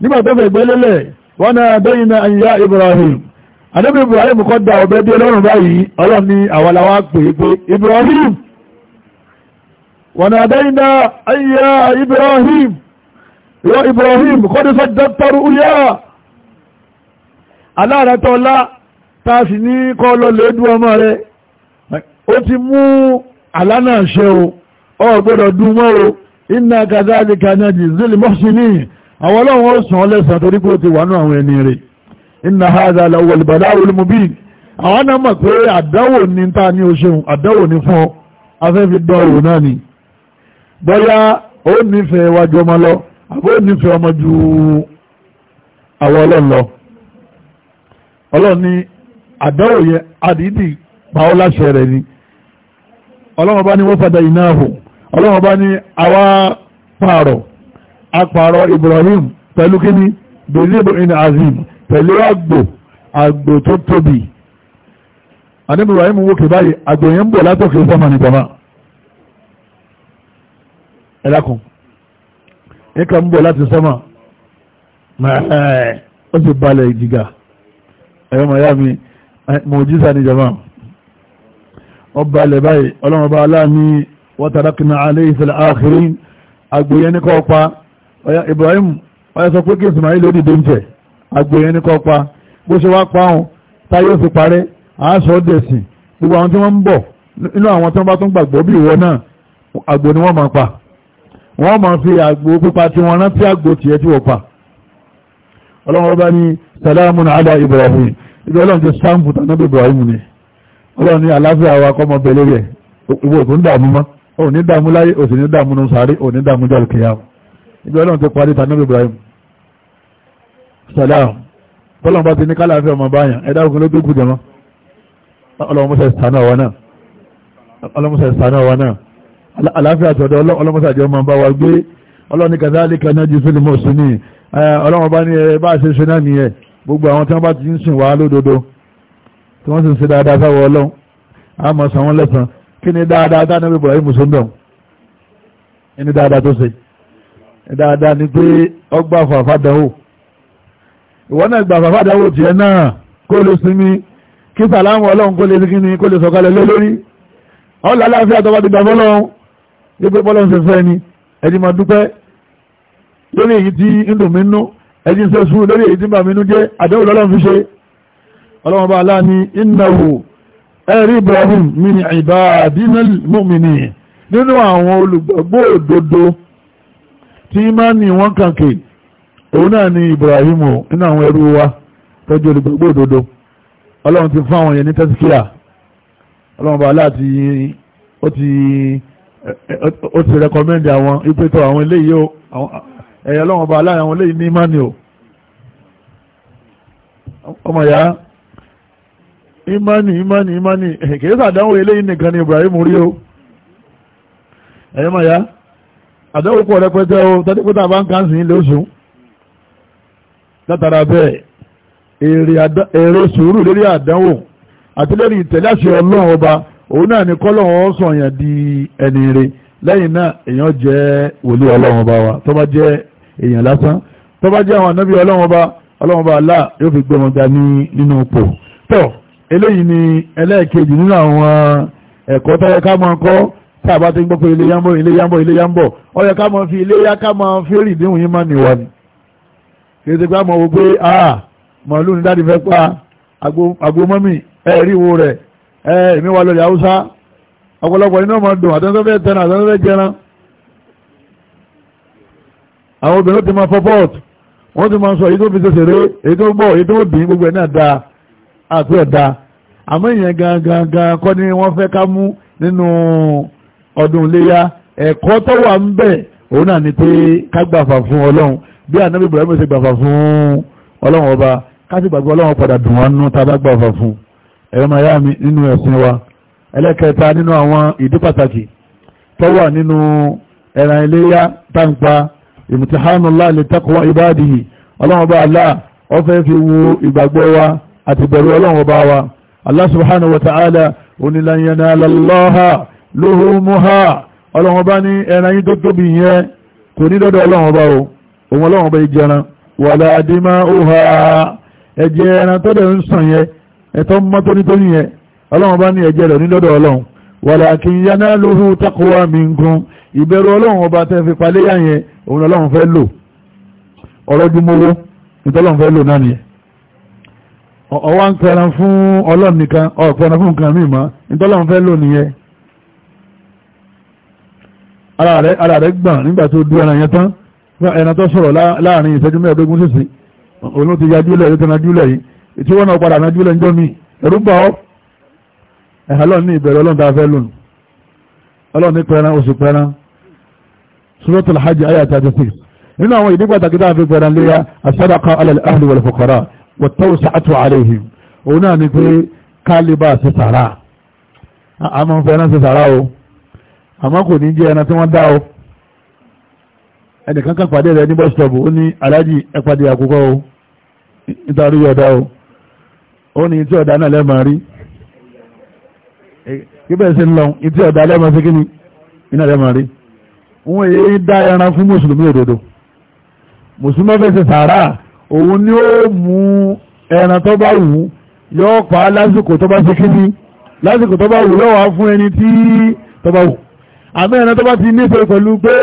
nígbà tó fẹ́ gbẹ́lẹ́lẹ́ ونادينا أن يا إبراهيم anábì ibrahim kọ́ da ọ̀bẹ bí ọlọ́run báyìí ọlọ́run ní àwàláwà pè é pé ibrahim wọ̀nà àdáyìndá ayé ibrahim yọ ibrahim kọ́ ní sọ́jọ́ tọrọ uyá aláàrẹ̀tọ́lá ta sì ní kọ́ lọ lẹ́dú ọmọ rẹ̀ ó ti mú àlánà ṣe o ọ gbọ́dọ̀ dún o iná kazalika náà jì zílì mọ́sí níyìn àwọn ọlọ́run ó sàn lẹ́sàn torí pé ó ti wà ní àwọn ẹni rẹ̀ inna hadha lawal bala'ul mubin àwọn náà mọ̀ pé àdáwò ní ta ní oṣeun àdáwò ní fún afẹ́fẹ́ dọ́wò náà ni bọ́yá ó nífẹ̀ẹ́ wájú ọmọ lọ àbó nífẹ̀ẹ́ ọmọ ju àwọn ọlọ́run lọ ọlọ́run ní àdáwò yẹn àdídì pa láṣẹ rẹ̀ ni ọlọ́run bá ní wọ́n fàdà ìnáhùn ọlọ́run bá ní àwa pààrọ̀ apàrọ̀ Ibrahim pẹ̀lú kíní believe in azim pẹ̀lú àgbò àgbò tó tóbi àníbi Ibrahim wókè báyìí àgbò yẹn ń bọ̀ látòkè sọ́mà ní jama ẹ̀lákùn ẹ̀ka ń bọ̀ láti sọ́mà ó sì balẹ̀ ìjìgà ẹ̀rọ màyá mi mọ̀jísà ní jama ọba alẹ̀ báyìí ọlọ́mọba aláàmì wọ́n tàrákìnà alẹ́ ìfẹ̀lẹ̀ àkìrín àgbòyẹ́ ní pa ọ̀yá Ibrahim ọ̀yá sọ pé kí Ismail ó dìde ń tẹ̀ àgbò yẹn ní kọ́ pa bó ṣe wá pa wọn táyé ó fi parẹ́ àásọ dẹ̀sìn gbogbo àwọn tí wọ́n ń bọ̀ nínú àwọn tí wọ́n bá tún gbàgbọ́ bí ìwọ náà àgbò ni wọ́n máa pa wọ́n máa fi àgbò pípa tí wọ́n rántí àgbò tiẹ̀ tí wọ́n pa ọlọ́run ọba ní salamun ala Ibrahim ibi ọlọ́run ti sáàmù tán náà Ibrahim ni ọlọ́run ní aláfíà wa kọ́ mọ́ bẹ̀lẹ́ rẹ̀ ìwọ òtún dààmú mọ́ òní dààmú láyé òsì ní dààmú nù sáré òní dààmú jọ̀lùkìyàwó ibi ọlọ́run ti parí tànàbí Ibrahim salam tọ́lọ́n bá ti ní kálàáfẹ́ ọmọ báyàn ẹ̀dá ogun ló dúkù jẹmọ́ ọlọ́mọsẹ̀ sànà wa náà aláfẹ́ àtọ̀dọ̀ ọlọ́mọsẹ̀ àjọ ma bá wa gbé ọlọ́ni kazalika náàjí fílì mọ̀sùnì ọlọ́mọ bá ní ẹ bá ṣe ṣe náà nìyẹn gbogbo àwọn tí wọ́n bá ti ń sìn wá lódodo tí wọ́n sì ṣe dáadáa sáwọ ọlọ́run a mọ̀ sàn wọ́n lẹ́sàn kí ni dáadáa dáadáa níbi Ibrahim sundom ẹni dáadáa tó ṣe dáadáa ni pé ọgbà fàfádánwò ìwọ́n náà gbà fàfádánwò tiẹ̀ náà kó lè sinmi kí sàlámù ọlọ́run kó lè sinmi kó lè sọ̀kalẹ̀ lé lórí ọ̀là aláàfíà tó bá ti gbàgbọ́ lọ́run yóò pé bọ́lọ́run ṣe fẹ́ ni ẹni máa dúpẹ́ lórí èyí tí ń dùn mí nú ẹni ṣe sùúrù lórí èyí tí ń nú jẹ́ àdéhùn lọ́lọ́run fi ṣe ọlọ́run bá aláà ìnáwó ẹ̀rí Ibrahim mi ìbá àdínà mọ́mìnì nínú àwọn olùgbàgbọ́ òdodo tí ìmánì wọn kànkè òun náà ni Ibrahim nínú àwọn ẹrú wa tọ́jú olùgbogbo òdodo ọlọ́run ti fún àwọn yẹn ní tẹ́síkíà ọlọ́run ti ti rẹkọmẹ́ndì àwọn ìpẹ́tọ̀ àwọn eléyìí o. ẹ̀yẹ ọlọ́run bá láàrin àwọn eléyìí ní o ọmọ ya Imani imani imani kìí sàdánwò eléyìí nìkan ni Ibrahim rí o ẹ̀yẹ ya. àdáwò pọ̀ rẹpẹtẹ o tàbí pé tàbá ń kàn sí ilé oṣù látara bẹ́ẹ̀ èrè sùúrù lórí àdánwò àti lórí ìtẹ̀lé àṣẹ ọlọ́run ọba òun náà ni kọ́lọ́run sọ̀yàn di ẹni rè lẹ́yìn náà èèyàn jẹ́ wòlíì ọlọ́run ọba wa tó bá jẹ́ èèyàn lásán tó bá jẹ́ àwọn ànábì ọlọ́run ọba ọlọ́run ọba aláà yóò fi gbé wọn ga ní nínú ipò tó eléyìí ni ẹlẹ́ẹ̀kejì nínú àwọn ẹ̀kọ́ tọ́yẹ ká máa kọ́ tá a bá ti gbọ́ pé ilé yá ń bọ̀ ilé yá ń bọ̀ ilé yá ń bọ̀ ó yẹ ká máa fi ilé yá ká máa fi èrè ìdíhùn yín máa nìwọ ni kì í ti pé a mọ̀ wò pé ah màálù ní dáàdi fẹ́ pa àgbo mọ́mì ẹ̀ rí wo rẹ̀ ẹ̀ èmi wà lọ́lẹ̀ haúsá ọ̀pọ̀lọpọ̀ nínú ọmọ dùn àtẹ́ńtọ́ fẹ́ tẹ́nà àtẹ́ńtọ́ fẹ́ jẹran àwọn obìnrin ti máa fọ́pọ́t wọ́n ti máa sọ èyí tó fi ṣẹṣẹ̀ rẹ èyí tó bọ̀ èyí tó bí gbogbo ẹ̀ náà dáa àti ẹ̀ dáa àmọ́ ìyẹn gangan kọ́ ni wọ́n fẹ́ ká mú nínú ọdún léyá ẹ̀kọ́ tó wà ń bẹ̀ òun náà ni pé ká gbàfà fún ọlọ́run bí ànábì Ibrahim ṣe gbàfà fún ọlọ́run ọba ká sì gbàgbé ọlọ́run padà dùn wọn nú tá a bá gbàfà fún ẹ̀rọ máa yá mi nínú ẹ̀sìn wa ẹlẹ́kẹta nínú àwọn ìdí pàtàkì tó wà nínú ẹ̀ràn iléyá táǹpa ìmùtìhánulá lè taqwa ibadihi ọlọ́run ọba Allah ó fẹ́ fi wo ìgbàgbọ́ wa àti bẹ̀rù ọlọ́run ọba wa Allah subhanahu wa ta'ala onílànyẹ̀nà lọ́lọ́ha lóhùnmọ́há ọlọ́run ọba ní ẹran yí tó tóbi yẹn kò ní dọ́dọ̀ ọba o òun ọlọ́run ọba ìjẹran wàlá àdìmá òhà ẹran ń sàn yẹn ẹ̀tọ́ mọ́ tónítóní yẹn ọlọ́run ọba ní ẹ̀jẹ̀ rẹ̀ ní ọlọ́run wà ọba tẹ́ fi yẹn òun fẹ́ lò fẹ́ lò náà nìyẹn ọwọ́ fún fún nǹkan ara rẹ̀ gbọ̀n nígbà tó dú ẹran yẹn tán ẹran tó sọ̀rọ̀ láàrin ìṣẹ́jú mẹ́ẹ̀ẹ́dógún sísè òun ti yajú lẹ̀ yóò tẹ́ najú lẹ̀ yìí tí wọ́n náà padà najú lẹ̀ ń jọ́ mi ẹ̀rú bá ọ́ ẹ̀hà lọ́n ní ìbẹ̀rẹ̀ ọlọ́run tá a fẹ́ lónìí ọlọ́run ní pẹran oṣù pẹran suratul hajj ayat thirty six nínú àwọn ìdí pàtàkì tá a fi pẹran léya asadaqa alal ahli wal fuqara amako kò ní jẹ́ ẹran tí wọ́n dá o ẹnìkan kan pàdé rẹ̀ ní bọ́sítọ̀bù ó ní aláàjì ẹ pàdé àkókò o nítorí ọ̀dá o ó ní tí ọ̀dá náà lẹ́mọ̀ rí kíbẹ̀ sí ń lọ tí ọ̀dá lẹ́mọ̀ sí iná lẹ́mọ̀ rí wọ́n dá ẹran fún mùsùlùmí òdodo mùsùlùmí sàárà òun ni ó mú ẹran tó bá wù yóò pa lásìkò tó bá lásìkò tó bá àmọ́ ẹran tó bá ti nífẹ̀ẹ́ pẹ̀lú pé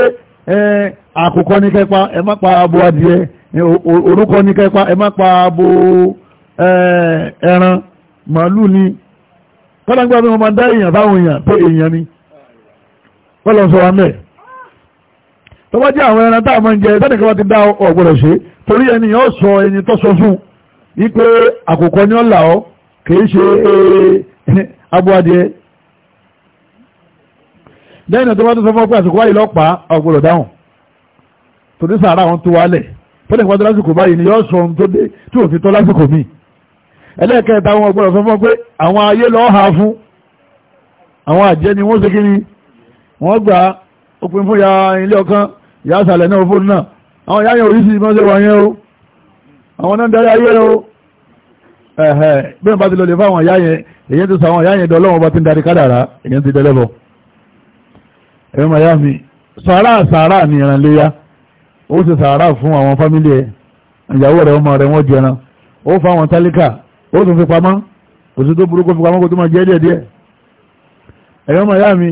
àkùkọ ní kẹpa ẹ má pa abo adìẹ orúkọ ní kẹpa ẹ má pa abo ẹran màálù ni kọ́lágbá mi wọ́n máa dá èèyàn báwọn èèyàn pé èèyàn ni kọ́lọ̀ sọ wa mẹ́ tó bá jẹ́ àwọn ẹran tá a máa ń jẹ sẹ́nìkan bá ti dá ọ̀gbọ̀dọ̀ ṣe torí ẹni yóò sọ ẹni tó sọ fún wípé àkùkọ ni ó là ọ kì í ṣe abo adìẹ lẹ́yìn náà tó bá tó sọ fún ọ pé àsìkò wáyé lọ́pàá ọ̀gbọ̀dọ̀ dáhùn torí sàárà wọn tó wálẹ̀ tó lè pàtó lásìkò báyìí ni yóò sọ ohun tó dé tí ò fi tọ́ lásìkò míì ẹlẹ́ẹ̀kẹta wọn ọ̀gbọ̀dọ̀ sọ fún ọ àwọn ayé lọ́ọ́ ha fún àwọn àjẹ́ ni wọ́n ṣe kí ni wọ́n gbà òpin fún ya ilé ọkàn ìyá àṣàlẹ̀ náà fóònù náà àwọn ìyá yẹn oríṣi mọ́ ṣe wà yẹn o àwọn náà ń darí ayé o ẹ̀hẹ̀ bí wọ́n bá ti lọ lè fún àwọn ìyá yẹn èyí ti sọ àwọn ìyá yẹn dọ́ lọ́wọ́ bá ti ń darí kádàrá èyí ti dẹ́lẹ́bọ̀ ẹ̀rọ màyá mi sàárà sàárà ni ẹran ya, ó sì sàárà fún àwọn fámílì ẹ̀ ìyàwó rẹ̀ ọmọ rẹ̀ wọ́n jẹran ó fáwọn tálíkà ó tún fi pamọ́ kò sí tó burúkú fi pamọ́ kó tó máa jẹ́ díẹ̀ díẹ̀ ẹ̀rọ màyá mi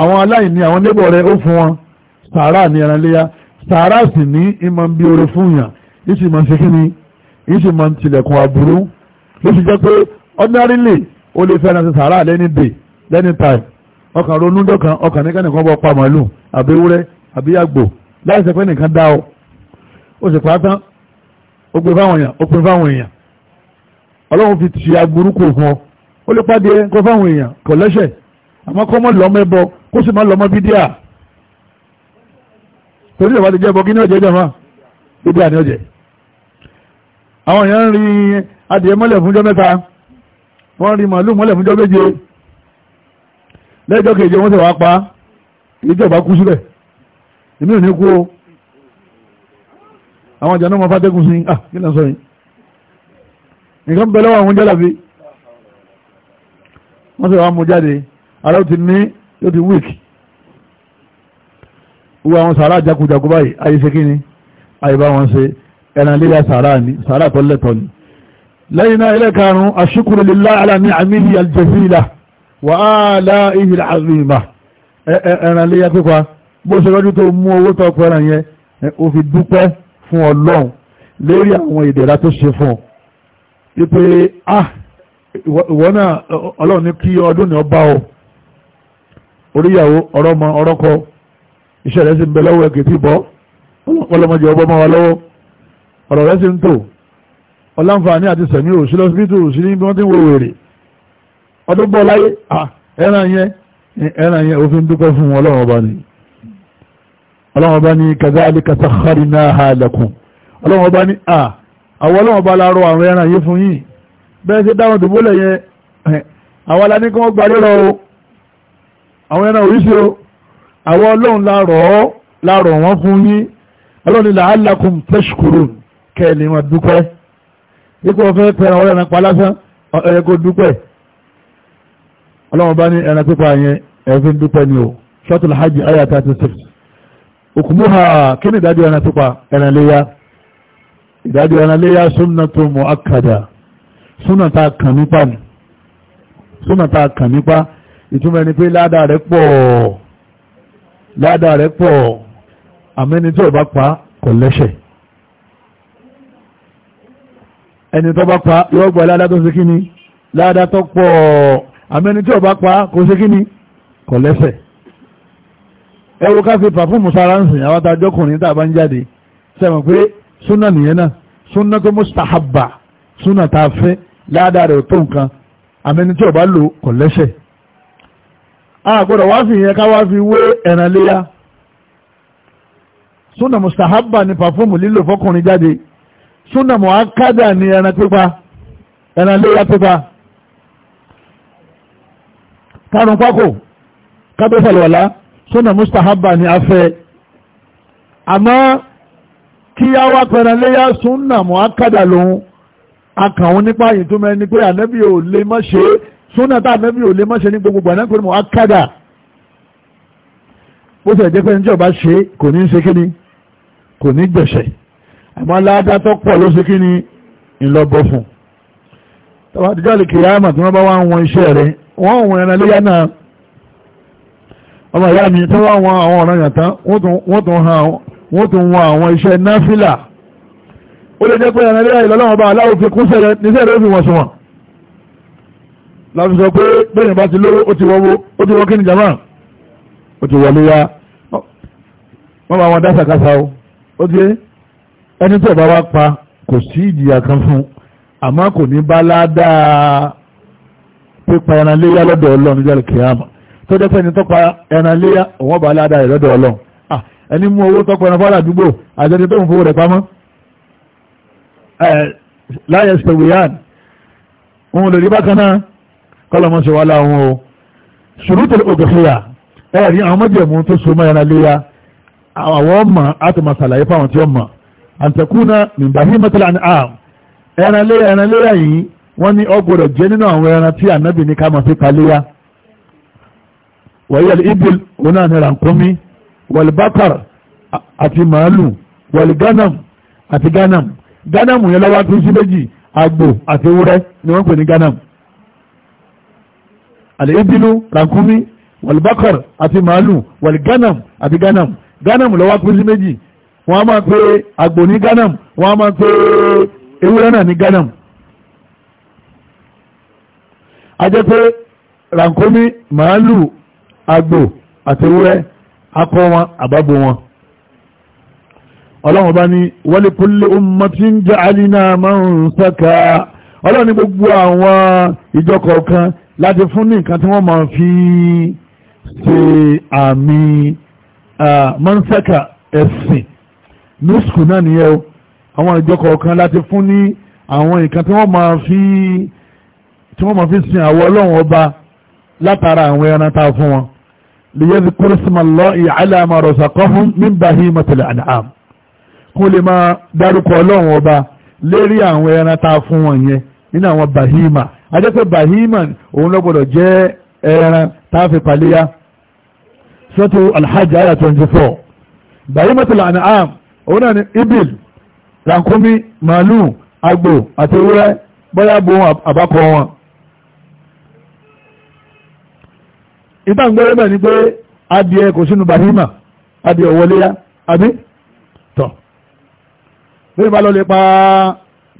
àwọn aláìní àwọn níbọ̀ rẹ̀ ó fún wọn sàárà ni ẹran ya, sàárà sì ní ìmọ̀ bí oore fún yàn ìsì máa ń ṣe kí ni ìsì máa ń tilẹ̀kùn aburú ló fi jẹ́ pé ordinarily ó lè fẹ́ràn sí sàárà lẹ́ni day lẹ́ni time ọkàn ronú dọ́kan ọkàn ní kẹ́nìkan bọ́ pa màálù àbí ewúrẹ́ àbí àgbò láì sẹ́pẹ́ nìkan dá o ó sì pàá tán ó pè fáwọn èèyàn ó pè fáwọn èèyàn ọlọ́run fi ti agbúrú kò fún ọ ó lè pàdé kó fáwọn èèyàn kò lẹ́sẹ̀ àmọ́ kọ́ mọ́ lọ́mọ ẹbọ kó sì má lọ́mọ bídíà torí ìjọba ti jẹ́ ẹbọ kí ní ọjọ́ ìjọba bídíà ní ọjọ́ àwọn èèyàn ń rí adìẹ mọ́lẹ̀ fúnjọ́ mẹ́ta wọ́n rí màálù mọ́lẹ̀ fúnjọ́ méje lẹ́jọ́ kejì wọ́n sì wá pa ìjọba kú síbẹ̀ èmi ò ní kú o àwọn àjọ náà máa fàtẹ́kùn sí ah kí ló ń sọ yìí nǹkan bẹ lọ́wọ́ àwọn jálàbí wọ́n sì wá mú jáde ara ó ti ní yóò ti wíìkì wọ́n àwọn sàárà jakujaku báyìí ayé ṣe kí ni ayé bá wọn ṣe ẹran líla sàárà ni sàárà tó lẹ́tọ̀ọ́ ni lẹ́yìn náà ẹlẹ́karùn-ún ashukuru lillahi ala wàhálà ihìl àzìmà ẹran léyà pípa bó ṣe lọ́dún tó mú owó tó pẹran yẹn ó fi dúpẹ́ fún ọlọ́run lérí àwọn ìdẹ̀ra tó ṣe fún ọ wípé ah ìwọ náà ọlọ́run ní kí ọdún ní ọba ọ oríyàwó ọ̀rọ̀ ọmọ ọ̀rọ̀kọ iṣẹ́ rẹ̀ sì ń bẹ lọ́wọ́ ẹ̀kẹ́ tí bọ́ ọlọ́mọdé ọgbọ́n máa wà lọ́wọ́ ọ̀rọ̀ rẹ̀ sì ń tò ọláǹfààní àti sẹ̀mí òsínlọ́sibítù òsínlẹ́ bí wọ́n ti ń wo wèrè ọdún bọ́ láyé ah, ẹran yẹn ẹran yẹn òfin dúpẹ́ fún ọlọ́run ọba ni ọlọ́run ọba ni kadhalika sakharnaha lakum ọlọ́run ọba ni à ah, àwọn ọlọ́run ọba la rọ àwọn ẹran yìí fún yìí bẹ́ẹ̀ ṣe dáhùn dùbúlẹ̀ yẹn eh, àwọn alání kan gba rírọ o àwọn ẹran oríṣi o àwọn ọlọ́run la rọ̀ fún yín ọlọ́run ọlọ́wọ́n bá ní ẹran pípa yẹn ẹ̀fín dúpẹ́ ni o ṣọ́tùl hajj ayà 36 òkùnmúhà kí ni ìdájọ́ ẹran pípa ẹran léyá ìdájọ́ ẹran léyá súnnàtò mu'akkada súnnàtà kàn nípa ni súnnàtà kàn nípa ìtumọ̀ ẹni pé ládàá rẹ̀ pọ̀ ládàá rẹ̀ pọ̀ àmẹ́ni tí ò bá pa kò lẹ́ṣẹ̀ ẹni tó bá pa yóò gba ládàá tó ṣe kí ni ládàá tó pọ̀ ọ́ àmì ẹni tí ọba pa kò ṣe kí ni kò lẹ́sẹ̀ ẹ wo ká fi pàfúùmù sára ń sìn àwọn àtàjọkùnrin tá a bá ń jáde sẹ́wọ̀n pé súnà nìyẹn náà súnà tó mustahabba súnà tá a fẹ́ ládàá rẹ̀ tó nǹkan àmì ẹni tí ọba lò kò lẹ́sẹ̀ a wá fi yẹn ká wá fi wé ẹ̀ràn léyà súnà mustahabba ni pàfúùmù lílò fọkùnrin jáde súnà muakkada ni ẹran pípa ẹran léyà pípa kárùn pákò kábẹ́ sàlùwàlá sọ́nà mustahaba ni a fẹ́ àmọ́ kí á wá pẹran léyà súnà mọ́ ákàdà lòun akàwọn nípa ìtumọ̀ ẹni pé ànẹ́bí ò lè má ṣe súnà tá ànẹ́bí ò lè má ṣe ní gbogbo ànẹ́bí mọ́ ákàdà ó sì ẹ̀jẹ̀ pé ní tí ọba ṣe kò ní ṣe kíni kò ní gbẹ̀ṣẹ̀ àmọ́ ládàá pọ̀ ló ṣe kíni ńlọ bọ́ fún tọ́wọ́ àtijọ́ àlè àmà tí wọ́n bá wá ń wọn iṣẹ́ rẹ̀ wọ́n òun ẹran léyà náà ọmọ ìyá mi tí wọ́n wọn àwọn ọ̀ràn yàn tán wọ́n tún wọn àwọn iṣẹ́ náfìlà ó lè jẹ́ pé ẹran léyà ìlọ́lọ́wọ́n bá aláwọ̀ fi kún sẹ́rẹ̀ níṣẹ́ rẹ̀ fi wọ̀n sùn wọ̀n láti sọ pé bẹ́ẹ̀ bá ti lówó ó ti wọ́wó kí ni jàmáà ó ti wọlé ya wọ́n bá wọn dá sàkásà o ó ti ẹni tí ọba wa pa kò sí ìjìyà kan fún àmọ́ kò ní bá ládàá pípa ẹran léyà lọ́dọ̀ ọlọ́run jẹ́ kìíyàmà tó jẹ́ pé ẹni tọ́pa ẹran léyà òun bá aládàá rẹ̀ lọ́dọ̀ ọlọ́run ẹni mú owó tọ́pa ẹran fọ́lá àdúgbò àjẹni tó ń fowó rẹ̀ pamọ́ láyé spẹ̀wìyàn òun lè rí bákan náà kọ́lọ́mọ́ ṣe wá láwọn o ṣùrùtò ògùnfìyà ẹ rí àwọn mọ́jẹ̀mú tó so mọ́ ẹran léyà àwọn ọmọ àtùmọ̀ sàlàyé fáwọn tí ó mọ̀ àǹtẹ̀kùnà mìbàhí mọ́tàlá ẹran léyà yìí wọ́n ní ó gbọ́dọ̀ jẹ́ nínú àwọn ẹran tí ànábì ní ká máa fi paléyà wọ́yẹ̀lì ibùl òun náà ní rànkúnmí wọ̀lì bákàr àti màálù wọ̀lì gánàm àti gánàm gánàm yẹn lọ́wọ́ tó sí méjì àgbò àti ewúrẹ́ ni wọ́n pè ní gánàm àlè ibilu rànkúnmí wọ̀lì bákàr àti màálù wọ̀lì gánàm àti gánàm gánàm lọ́wọ́ tó sí méjì wọ́n á máa pe àgbò ní gánàm wọ́n á máa pe ewúrẹ́ náà ní gánàm ajẹ́ pé rànkómi màálù àgbò àtẹwúrẹ́ akọ wọn àbábo wọn ọlọ́run bá ní wali kulli ummatin ja'alna mansaka ọlọ́run ní gbogbo àwọn ìjọ kọ̀ọ̀kan láti fún ní nǹkan tí wọ́n máa fi ṣe àmì mansaka ẹ̀sìn nùsùkù náà nìyẹn o àwọn ìjọ kọ̀ọ̀kan láti fún ní àwọn nǹkan tí wọ́n máa fi tí wọ́n mọ̀ fi sin àwọ ọlọ́run ọba látara àwọn ẹran tá a fún wọn lèyẹ́sì kúrísìmọ̀lọ́ ala ma razaqahum min bahimatil an'am kó lè máa dárúkọ ọlọ́run ọba lérí àwọn ẹran tá a fún wọn yẹn nínú àwọn bahima ajẹ́ bahima òun ló gbọ́dọ̀ jẹ́ ẹran tá fi pàléyà sọ́tò alhajj ayà 24 bahimatil an'am òun náà ni ibil rankumi màálù àgbò àti ewúrẹ́ bọ́yá bo àbákọ wọn ìta ń gbẹ́rẹ́ bẹ́ẹ̀ ni pé adìẹ kò sínú bahima adìẹ wọléyá àbí tọ̀ lóyìn bá lọ lè pa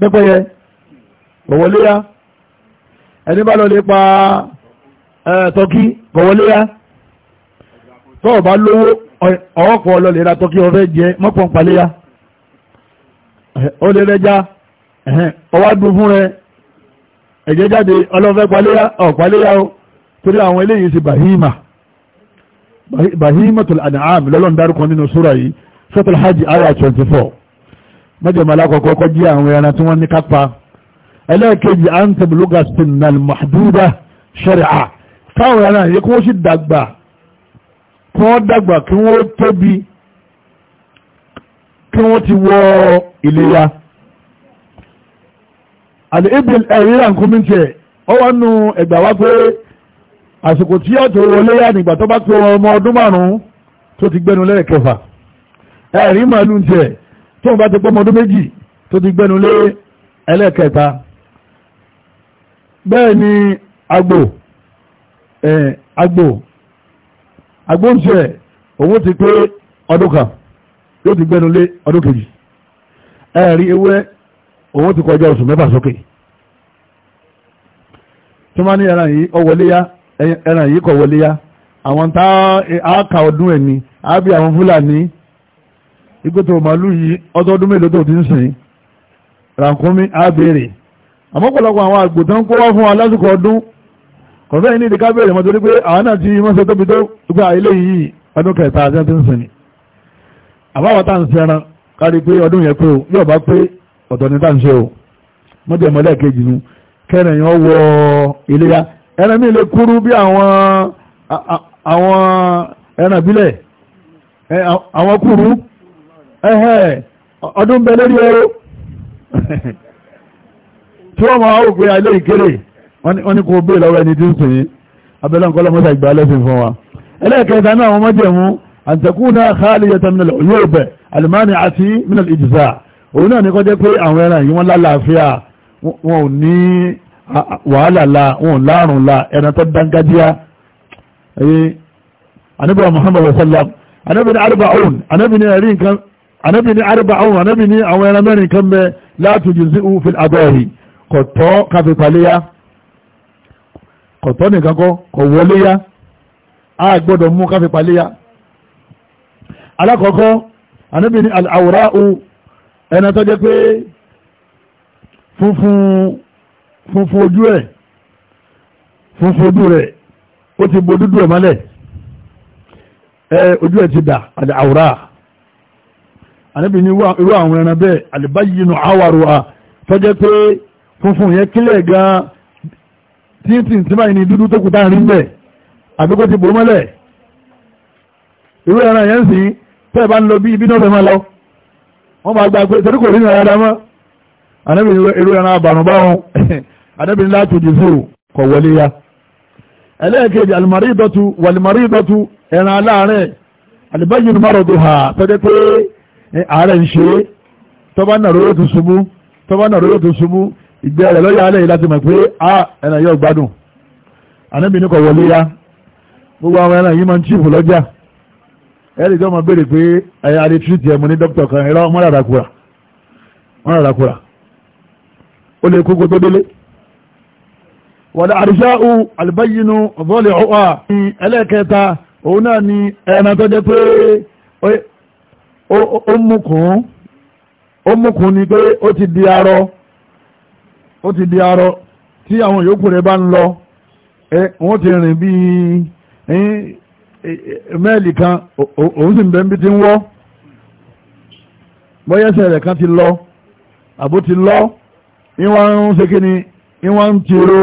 pẹ́pẹ́yẹ kọ̀wọléyá ẹni bá lọ lè pa tọ́kí kọ̀wọléyá tọ́ọ̀ bá lówó ọ̀ọ́pọ̀ ọlọ́lẹ̀ ra tọ́kí ọ̀fẹ́ jẹ mọ́pọ̀n paléyá ó lè rẹjá ọwá dùn fún rẹ ẹ̀jẹ̀ jáde ọlọ́fẹ́ paléyá ọ̀paléyá o torí àwọn eléyìí ti bahima bahimatul an'am lọ́lọ́n dárúkọ nínú súra yìí sọ́tọ̀lá hajj aya 24 mẹ́jọmọ́lá kọ̀kọ́ kọ́ jí àwọn ẹran tí wọ́n ní kápá ẹlẹ́ẹ̀kejì antabluga sinnal mahduda shari'a táwọn ẹran yìí kí wọ́n sì dàgbà kí wọ́n dàgbà kí wọ́n tóbi kí wọ́n ti wọ ìlera àlè ibil ẹ̀rí rà ń tiẹ̀ ọ nù ẹ̀gbà wá pé àsìkò tí yóò tó wọlé yá nígbà tó bá tó ọmọ ọdún márùn-ún tó ti gbẹnu lẹ́ẹ̀kẹfà ẹ̀rí màálù tiẹ̀ tó ń bá ti pọ́mọ ọdún méjì tó ti gbẹnu lé ẹlẹ́ẹ̀kẹta bẹ́ẹ̀ ni àgbò àgbò àgbò ń tiẹ̀ òun ti pé ọdún kan yóò ti gbẹnu lé ọdún kejì ẹ̀rí ewúrẹ́ òun ti kọjá oṣù mẹ́fà sókè tí wọ́n ní ẹran yìí ọwọ́lé yá ẹran yìí kọ̀ wọlé yá àwọn tá a kà ọdún ẹ̀ ni a bí àwọn fúlàní ìgbótò màálù yìí ọdọọdún mélòó tó ti ń sìn rànkúnmí a béèrè àmọ́ pọ̀lọpọ̀ àwọn àgbò tó fún wa lásìkò ọdún ní ìdíkà béèrè àwọn ti tóbi tó gba ilé yìí ẹran mi lè kúrú bí àwọn àwọn ẹran ìbílẹ̀ àwọn kúrú ẹ̀hẹ́ ọdún bẹ lórí ẹrọ tí wọ́n máa ó gbé alé ìkéré wọ́n ní kò gbé lọ́wọ́ ẹni tí ń sìn yín abẹ́lẹ́ nǹkan lọ́mọ́sà ìgbà lẹ́sìn fún wa ẹlẹ́ẹ̀kẹta náà wọ́n mọ́jẹ̀mú àtẹ̀kùnà khaliyatan min al-uyub al-mani'ati min al-ijza' òun náà ní kọjá pé àwọn ẹran yìí wọ́n lálàáfíà wọn ò ní Ah, ah, wàhálà la wọn láàrùn la ẹran tó dangadia ẹyẹ anabi wa muhammad wa sallam anabi ni arba awon anabi ni ẹ̀rí nǹkan anabi ni arba awon anabi ni àwọn ẹran mẹ́rin kan bẹ láti jùzí ufin adọ́ọ̀hì kò tọ́ káfí paléyà kò tọ́ nìkan kọ́ kò wọléyà a gbọ́dọ̀ mú káfí paléyà alákọ̀ọ́kọ́ anabi ni al'awra'u ẹran tó jẹ́ pé funfun funfun ojú ẹ̀ funfun ojú rẹ̀ ó ti bo dúdú ẹ̀ mọ́lẹ̀ ẹ ojú ẹ̀ ti dà àdà àwòrán A ní irú àwọn ẹran bẹ́ẹ̀ àlìbáyìnú alibayi à tọ́jẹ́ pé funfun yẹn funfun gan tíntìn tí báyìí ní dúdú tó kù táà rí bẹ́ẹ̀ àbíkó ti bò mọ́lẹ̀ irú ẹran yẹn sì tẹ́ẹ̀ bá ń lọ bí ibi náà fẹ́ máa lọ wọ́n máa gba pé torí kò rí ní ara dámọ́ irú ẹran báwọn anábìrin láti di fún kọ̀ wọlé ya ẹlẹ́ẹ̀kejì almaridatu walmaridatu ẹran aláàárẹ̀ alibayin maraduha tọ́jẹ́ pé ààrẹ ń ṣe tọ́ba nàró yóò tún ṣubú tọ́ba nàró yóò tún ṣubú ìgbẹ́ rẹ̀ lọ́yà alẹ́ yìí láti mọ̀ pé a ẹran yóò gbádùn anábìrin kọ̀ wọlé ya gbogbo àwọn ẹran yìí máa bèèrè pé ẹ̀yà àrí tírítì ní dókítà kan ẹ̀rọ mọ́ràdàkúrà ó lè kókó tó délé wàlẹ̀ àríṣáù àlìbáyínú bọ́ọ̀lì ọ̀hà ní ẹlẹ́ẹ̀kẹta òun náà ni ẹran tó jẹ́ pé ó mùkún ó mùkún ni pé ó ti di arọ ti di arọ tí àwọn yòókù rẹ̀ bá ń lọ wọ́n ti rìn bí tiro.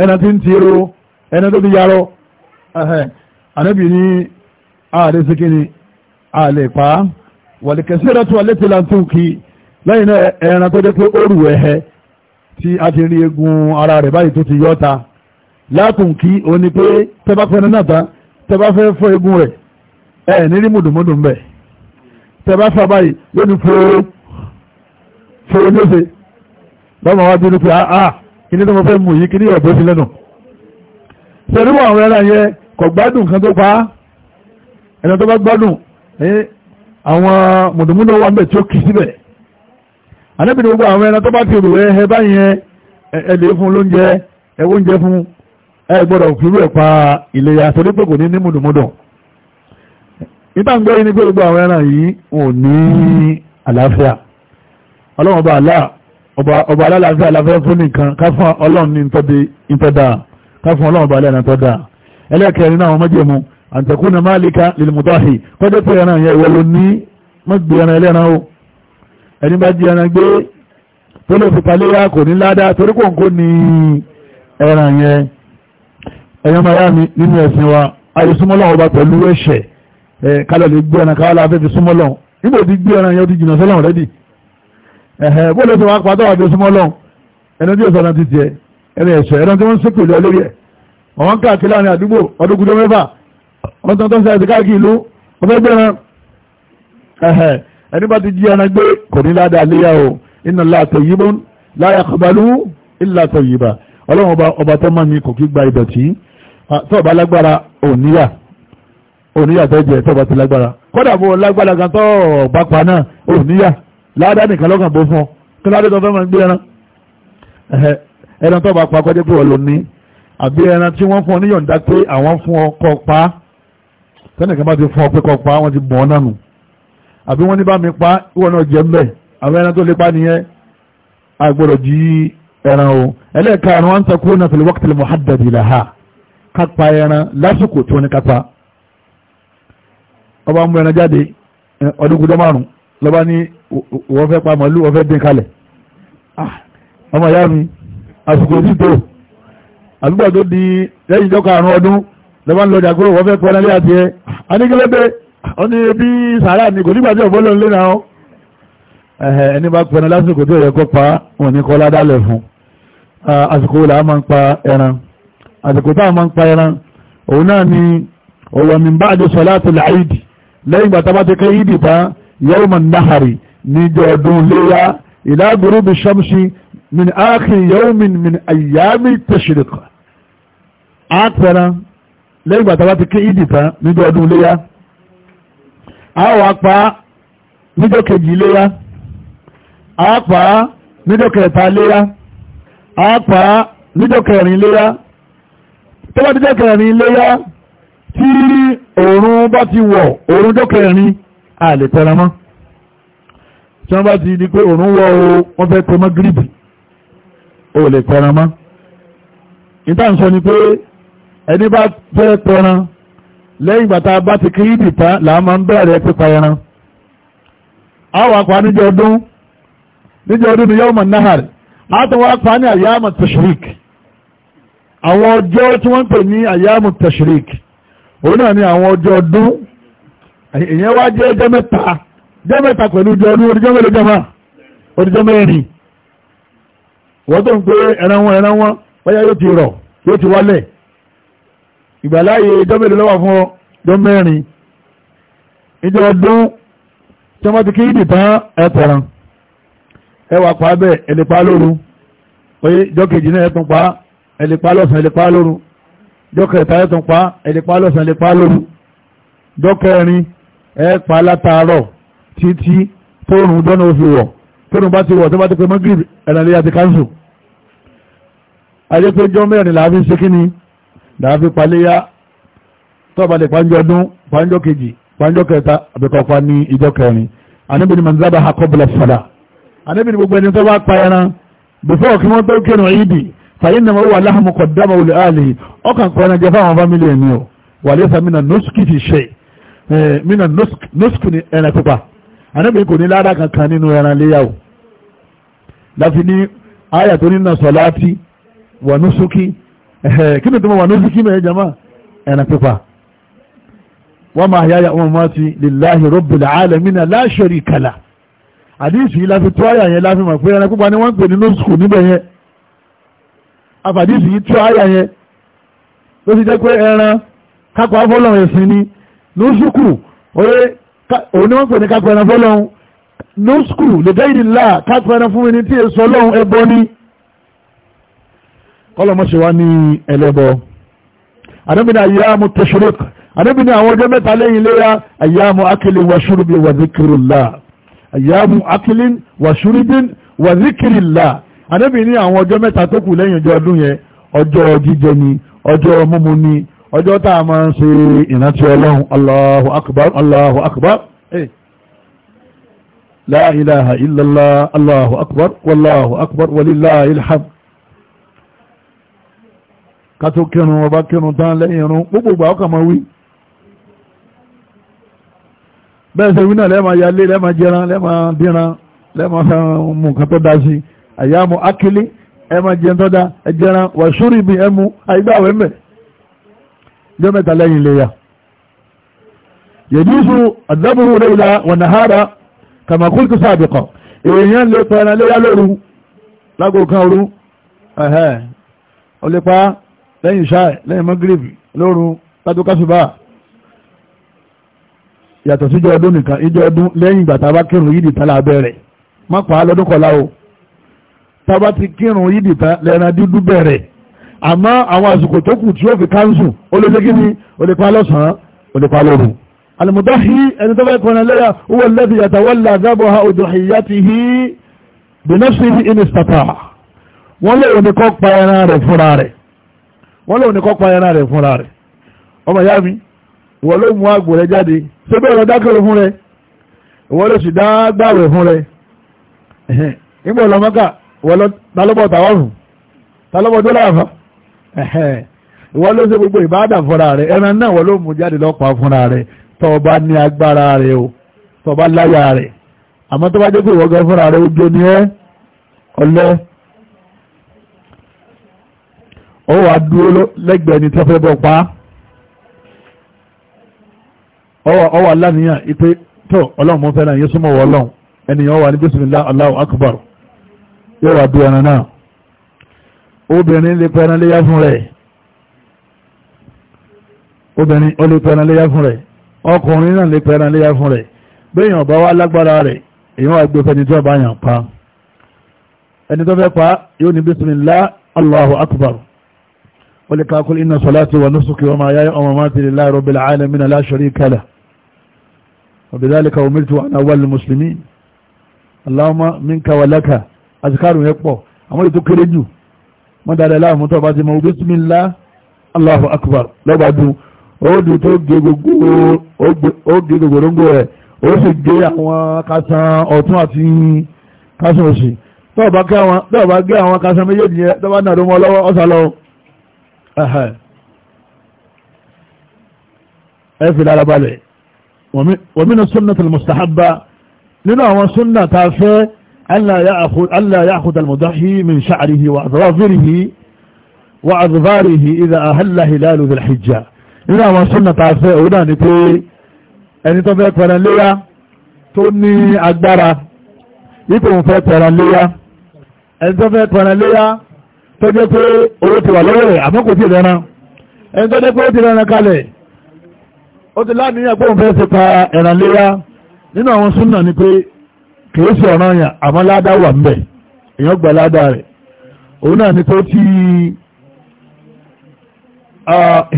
ẹni tí ń ti ro ẹni tó ti yarọ ànábì ní ààrẹ sí kíni ààlè pa wàlìkẹsẹ́rẹ́ tó alẹ́ ti lantún kí lẹ́yìn náà ẹran tó jẹ́ pé ó rù ẹ̀hẹ́ tí a ti rí egun ara rẹ̀ báyìí tó ti yọ́ ta látùn kí o ní pé tẹ́bá fẹ́ náà ta tẹ́bá fẹ́ fọ́ egun rẹ̀ ẹ̀ ní mùdùmùdù ń bẹ̀ tẹ́bá fà báyìí yóò fòó fòó ní ó ṣe lọ́mọ wá bínú pé áá ah, ah, kíní tó mo fẹ́ mú yìí kíní ọ̀bọ̀ sí lẹ́nu sẹ́ríwọ̀ àwọn ẹran yẹn kò gbádùn kan tó pa á ẹ̀nà tó bá gbádùn àwọn mùdùmúdù wà mẹ́ tí ó kì síbẹ̀ ànábì gbogbo àwọn ẹran tó bá ti rò ẹ báyìí ẹ lè fún lóúnjẹ ẹ oúnjẹ fún ẹ gbọ́dọ̀ kúrú ẹ̀ pa ìlera torí pé kò ní ní mùdùmúdù nígbà ń gbọ́ yìí ní gbogbo àwọn ẹran yìí wọn ò ní àlàáfíà ọlọ́wọ́n bá aláà ọba alálàáfíà aláfẹ́ fún nìkan ká fún ọlọ́run ní ìtọ́dá ká fún ọlọ́run balẹ̀ náà tọ́dá ẹlẹ́kẹ̀ẹ́rin náà wọ́n mọ́jẹ̀mú àǹtẹ̀kùnà máàlìkà lèlùmùtọ́hì kọ́jọ́ pé ẹran yẹn ìwọ ló ní mọ́gbé ẹran ẹlẹ́ran o ẹni bá di ẹran gbé tó lè fi paléyà kò ní ládàá torí kò ń kó ní ẹran yẹn ẹ̀yàn máa yá mi nínú ẹ̀sìn wa ayé súnmọ́lọ́wọ́ ọba pẹ̀lú ẹ̀ṣẹ̀ kálọ̀ lè gbé ẹran káwọ́ láfẹ́ fi súnmọ́lọ́wọ́ níbo ti gbé ẹran yẹn ó ti jìnnà sọ́lọ́wọ́ rẹ́dì ẹ̀hẹ̀ bó lè sọ wá pàtó àbí súnmọ́ lọ́hùn ẹni tí òsànà ti tiẹ̀ ẹni ẹ̀ṣọ́ ẹ̀rọ tí wọ́n ń sèpè lọ lórí ẹ̀ ọ̀wọ́n káàkiri láàrin àdúgbò ọdún gúdọ́ mẹ́fà wọ́n tán tán sáyẹ̀sì káàkiri ìlú wọ́n fẹ́ gbẹ̀rẹ̀ ẹ̀hẹ̀ ẹni bá ti jí ẹran gbé kò ní ládàá léyà o inna Allaha tayyibun la yaqbalu illa tayyiba ọlọ́run ọba tó máa ní kò kí gba ìdọ̀tí tọ́ọ̀bá tó jẹ láàdá nìkan lọ́kàn bó fún ọ kí ládé tó fẹ́ máa gbé ẹran ẹran tó bá pa kọjá pé ọ̀lọ́ ní àbí ẹran tí wọ́n fún ọ níyọ̀ǹda pé àwọn fún ọ kọ pa tẹ́nìkan bá ti fún ọ pé kọ pa wọ́n ti bọ̀ ọ́ nánu àbí wọ́n ní bá mi pa ìwọ náà jẹ́ mbẹ́ àwọn ẹran tó lè pa nìyẹn àgbọ̀dọ̀ jí ẹran o ẹlẹ́ẹ̀karùn-ún wọn ń takú náà fil waqtil muhaddad laha kápá ẹran lásìkò tó ní kápá ọba mú ẹran jáde ọdún kúdọ́ márùn-ún lọ́ba ní wọ́n fẹ́ pa màálù wọ́n fẹ́ dín kalẹ̀ ah, ọmọ ìyá mi àsìkò tí àdúgbò tó di lẹ́yìn ìjọ karùn-ún ọdún lọ́ba ń lọ jàgbóró wọ́n fẹ́ pẹ́ lálẹ́ àti ẹ́ anígbélébé ó ní sàárà ni kò nígbà tí ọ̀bọ́n ló ń lé náà ẹni bá pẹ́ni lásìkò tí yẹ kó pa wọn ní kọ́ ládàlẹ̀ fún àsìkò là á máa ń pa ẹran àsìkò tá a máa ń pa ẹran òun náà ni ọ̀wọ̀ mi bá àdé lẹ́yìn gbàtà bá ti tán yawma nahari níjọ́ ọdún léyà ila gurubi shamsi min akhir yawmin min ayyami tashriq a pẹran lẹ́yìn ìgbà tàbá ti kí ìdì tán níjọ́ ọdún léyà a wà pa níjọ́ kejì léyà a pa níjọ́ kẹta léyà a pa níjọ́ kẹrin léyá tó bá díjọ́ kẹrin léyá tí oòrùn bá ti wọ̀ oòrùn jọ́ kẹrin a lè tẹra mọ́ tí wọ́n bá ti di pé òun wọ́ o fẹ́ tẹ mọ́ o lè tẹra mọ́ ni pé ẹni bá fẹ́ tẹran lẹ́yìn ìgbà bá ti gíríbì tán là á máa ń bẹ̀rẹ̀ pípa ẹran a níjọ ọdún níjọ ọdún ni a ní àyàmọ̀ àwọn ọjọ́ tí wọ́n ń pè ni àwọn ọjọ́ ọdún èyàn wá jẹ́ ọjọ́ mẹ́ta jẹ́ mẹ́ta pẹ̀lú ìjọ ọdún oníjọ́ mẹ́lẹ̀ jẹ́ máa oníjọ́ mẹ́rin wọ́n tó ń pé ẹran wọn ẹran wọn báyá yóò ti rọ̀ yóò ti wálẹ̀ ìgbàláyé ìjọ mẹ́lẹ̀ lọ́wọ́ fún ọjọ́ mẹ́rin ìjọ ọdún tí wọ́n ti kí ìdì tán ẹ̀tẹ̀ràn ẹwà pa bẹ́ẹ̀ ẹ̀lẹ́pá lóru oye ìjọ kejì náà ẹ̀tún pa ẹ̀lẹ́pá lọ́sàn ẹ̀lẹ́pá lóru ìjọ kẹta ẹ̀tún pa ẹ̀lẹ́pá lọ́sàn ẹ̀lẹ́pá lóru ìjọ kẹrin ẹ pa látàárọ̀ títí tóòrùn dọ́nà ó fi wọ̀ tóòrùn bá ti wọ̀ tó bá ti pẹ́ mọ́gírì ẹ̀nàlẹ́ àti káńsù ajẹ́pẹ́jọ́ mẹ́rin làá fi ń ṣe kí ni làá fi paléyá tọ́balẹ̀ pàǹjọ́ ọdún pàǹjọ́ kejì pàǹjọ́ kẹta àbẹ̀kọ̀fà ní ìjọ kẹrin Ànábì ní manzaba akọ́bùlẹ̀ fàdà Ànábì ní gbogbo ẹni tó bá pa ẹran before kí wọ́n tó kírun ìdì fàyín náà wà láhàmù kọ̀dámà olè áàlì ọkàn kọ́ra jẹ fáwọn fámìlì ẹ̀mí o wà lẹ́sàmínà nọ́sùkìtì ṣe Eh, mina nusku ni ẹran pípa anábìyí kò ní ládàá kankan nínú ẹran léyàwó láti ní àyà tó nínú sọláàtì wà nusuki kí ni tó mọ wà nusuki mẹ́rin jama ẹran pípa wọ́n máa yáyà wọn máa ti lillahi rabbil alamina la sharika lah àdíìsì láti tó àyà yẹn láti mọ̀ pé ẹran pípa ni wọ́n pè ní nusku níbẹ̀ yẹn àfàdíìsì tó àyà yẹn ló ti jẹ́ pé ẹran kápá fọ́lọ̀ ẹ̀sìn ni lóṣùkù oye òun ni wọ́n pè ní kápẹ́ ẹran fọ́lọ́hún lóṣùkù lè dá ìdí ńlá kápẹ́ ẹran fún mi ní tí èso ọlọ́hún ẹbọ ní kọ́lọ́mọṣẹ́ wa ní ẹlẹ́bọ àdébìnrin àyà mu tẹ̀sírẹ́k àdébìnrin àwọn ọjọ́ mẹ́ta lẹ́yìn léyà àyà mu akílin wa ṣúrúbin wa zikirila àyà mu akílin wa àwọn ọjọ́ mẹ́ta tó kù lẹ́yìn ọjọ́ ọdún yẹn ọjọ́ jíjẹ ni ọjọ́ mímu ọjọ́ tá a máa ń ṣe ìrántí ọlọ́run Allahu akbar Allahu akbar eh. la ilaha illallah Allahu akbar wallahu akbar walillahil hamd kátó kírun ọba kírun tán lẹ́yìn irun gbogbogbò àwọn kan máa wí bẹ́ẹ̀ sẹ́yìn náà lẹ́ẹ̀ma yalé lẹ́ẹ̀ma jẹran lẹ́ẹ̀ma díran lẹ́ẹ̀ma fẹ́ràn mú nǹkan tó dá sí àyàmú akílé ẹ̀ẹ́ma jẹun ẹ̀jẹran wàṣúrì bí ẹ̀mú àyígbà wẹ́mẹ̀ jẹ́ mẹ́ta lẹ́yìn léyà yẹ̀dúsù àdábòrò léyà wọ̀nà hàrá kàmàkùn tó sàbìkọ̀ èèyàn lè pẹ̀rẹ̀ léyà lóru lágò kan òru ẹ̀hẹ́ ọlẹ́pá lẹ́yìn ṣáì lẹ́yìn magrib lóru tátó kásùbà yàtọ̀ síjọ ọdún nìkan ìjọ ọdún lẹ́yìn ìgbà tàbá kírun yìí dìtà lábẹ́rẹ̀ má pa á lọ́dún kọlá o tàbá ti kírun yìí dìtà lẹ́ran dúdú bẹ̀rẹ̀ àmọ́ àwọn àsìkò tó kù tí ó fi káńsù ó lè ṣe kí ni ó lè pa lọ́sàn-án ó lè pa lóru alìmọ̀dáhì ẹni tó fẹ́ kọrin lẹ́yà owó lẹ́bi yàtàwọ́lá dábọ̀ha udhiyatihi binafsihi in istata'a wọ́n lè òní kọ́ pa ẹran rẹ̀ fúnra rẹ̀ wọ́n lè òní kọ́ pa ẹran rẹ̀ fúnra rẹ̀ ọmọ ìyá mi wọ́n ló mú àgbò rẹ̀ jáde ṣé bẹ́ẹ̀ lọ dákẹ́rẹ́ fún rẹ̀ wọ́n ìwọ́n ló ṣe gbogbo ìbáàdà fúnra rẹ̀ ẹran náà wọ́n ló mú jáde lọ́pàá fúnra rẹ̀ tọba bá ní agbára rẹ̀ o tọba láyà rẹ̀ àmọ́ tó jẹ́ pé ìwọ́gán fúnra rẹ̀ ojú ni ẹ́ ọlẹ́ ó wà dúró lẹ́gbẹ̀ẹ́ ni tó bọ̀ pa wà ipe tó ọlọ́run mọ́ obìnrin lè pẹran léyá fún rẹ̀ obìnrin ó lè pẹran léyá fún rẹ̀ ọkùnrin náà lè pẹran léyá fún rẹ̀ béèyàn bá wá lágbára rẹ̀ èyàn wà gbé fẹni tí wọ́n bá yàn pa ẹni tó fẹ́ pa yóò ní bísímìlá allahu akbar ó lè kakul inna salati wa nusuki wa mayaya wa mamati lillahi rabbil alamin la sharika lahu wa bidhalika umirtu wa ana awwalul muslimin allahumma minka wa laka azkarun yẹpọ̀ àwọn ètò kéré jù wọ́n dáadáa láàmú tó bá ti mọ̀ bísímìlá Allahu akbar lọ́gbà dùn ó dùn tó gé gbogbo róńgò rẹ̀ ó sì gé àwọn kásán ọ̀tún àti kásán òsì tó bá gé àwọn kásán méjèèjì yẹn tó bá náà ló mọ́ lọ́wọ́ ọ̀sà lọ. ẹ fi lára balẹ̀ wa min as-sunnati al-mustahabba nínú àwọn súnnà tá a fẹ́ ألا يأخذ المضحي من شعره وأظافره وأظفاره إذا أهل هلال ذي الحجة nínú àwọn súnà tàà fẹ́ òun náà ni pé ẹni tó fẹ́ pẹ̀rẹ̀ léyá tó ní agbára ipò òun fẹ́ pẹ̀rẹ̀ léyá ẹni tó fẹ́ pẹ̀rẹ̀ léyá tó jẹ́ pé owó ti wà lọ́wọ́ rẹ̀ àmọ́ kò tí ìrẹ́ran ẹni tó jẹ́ pé ó ti rẹ́ran kalẹ̀ ó ti láàníyàn pé òun fẹ́ ṣe pa ẹ̀ràn léyá nínú àwọn súnà ni pé kìí ṣe ọ̀ràn yàn àmọ́ ládá wà ń bẹ̀ èèyàn gba ládá rẹ̀ òun náà ni tó ti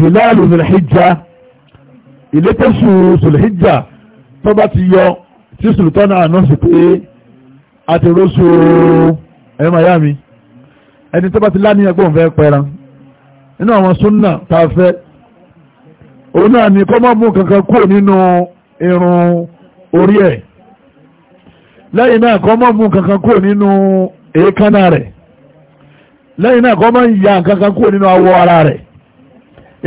hilalu zulhijja ìlétẹ́sù zulhijja tó bá ti yọ tí sultana anọ́sì pé a ti rọ́ṣù ẹ̀ miami ẹni tó bá ti láníyàn pé òun fẹ́ pẹran nínú àwọn súnà tá a fẹ́ òun náà ni kọ́ mọ́ mú kankan kúrò nínú irun orí ẹ̀ lẹ́yìn náà kọ́ mọ́ mú kankan kúrò nínú èékánná rẹ̀ lẹ́yìn náà kọ́ mọ́ ya kankan kúrò nínú awọ ara rẹ̀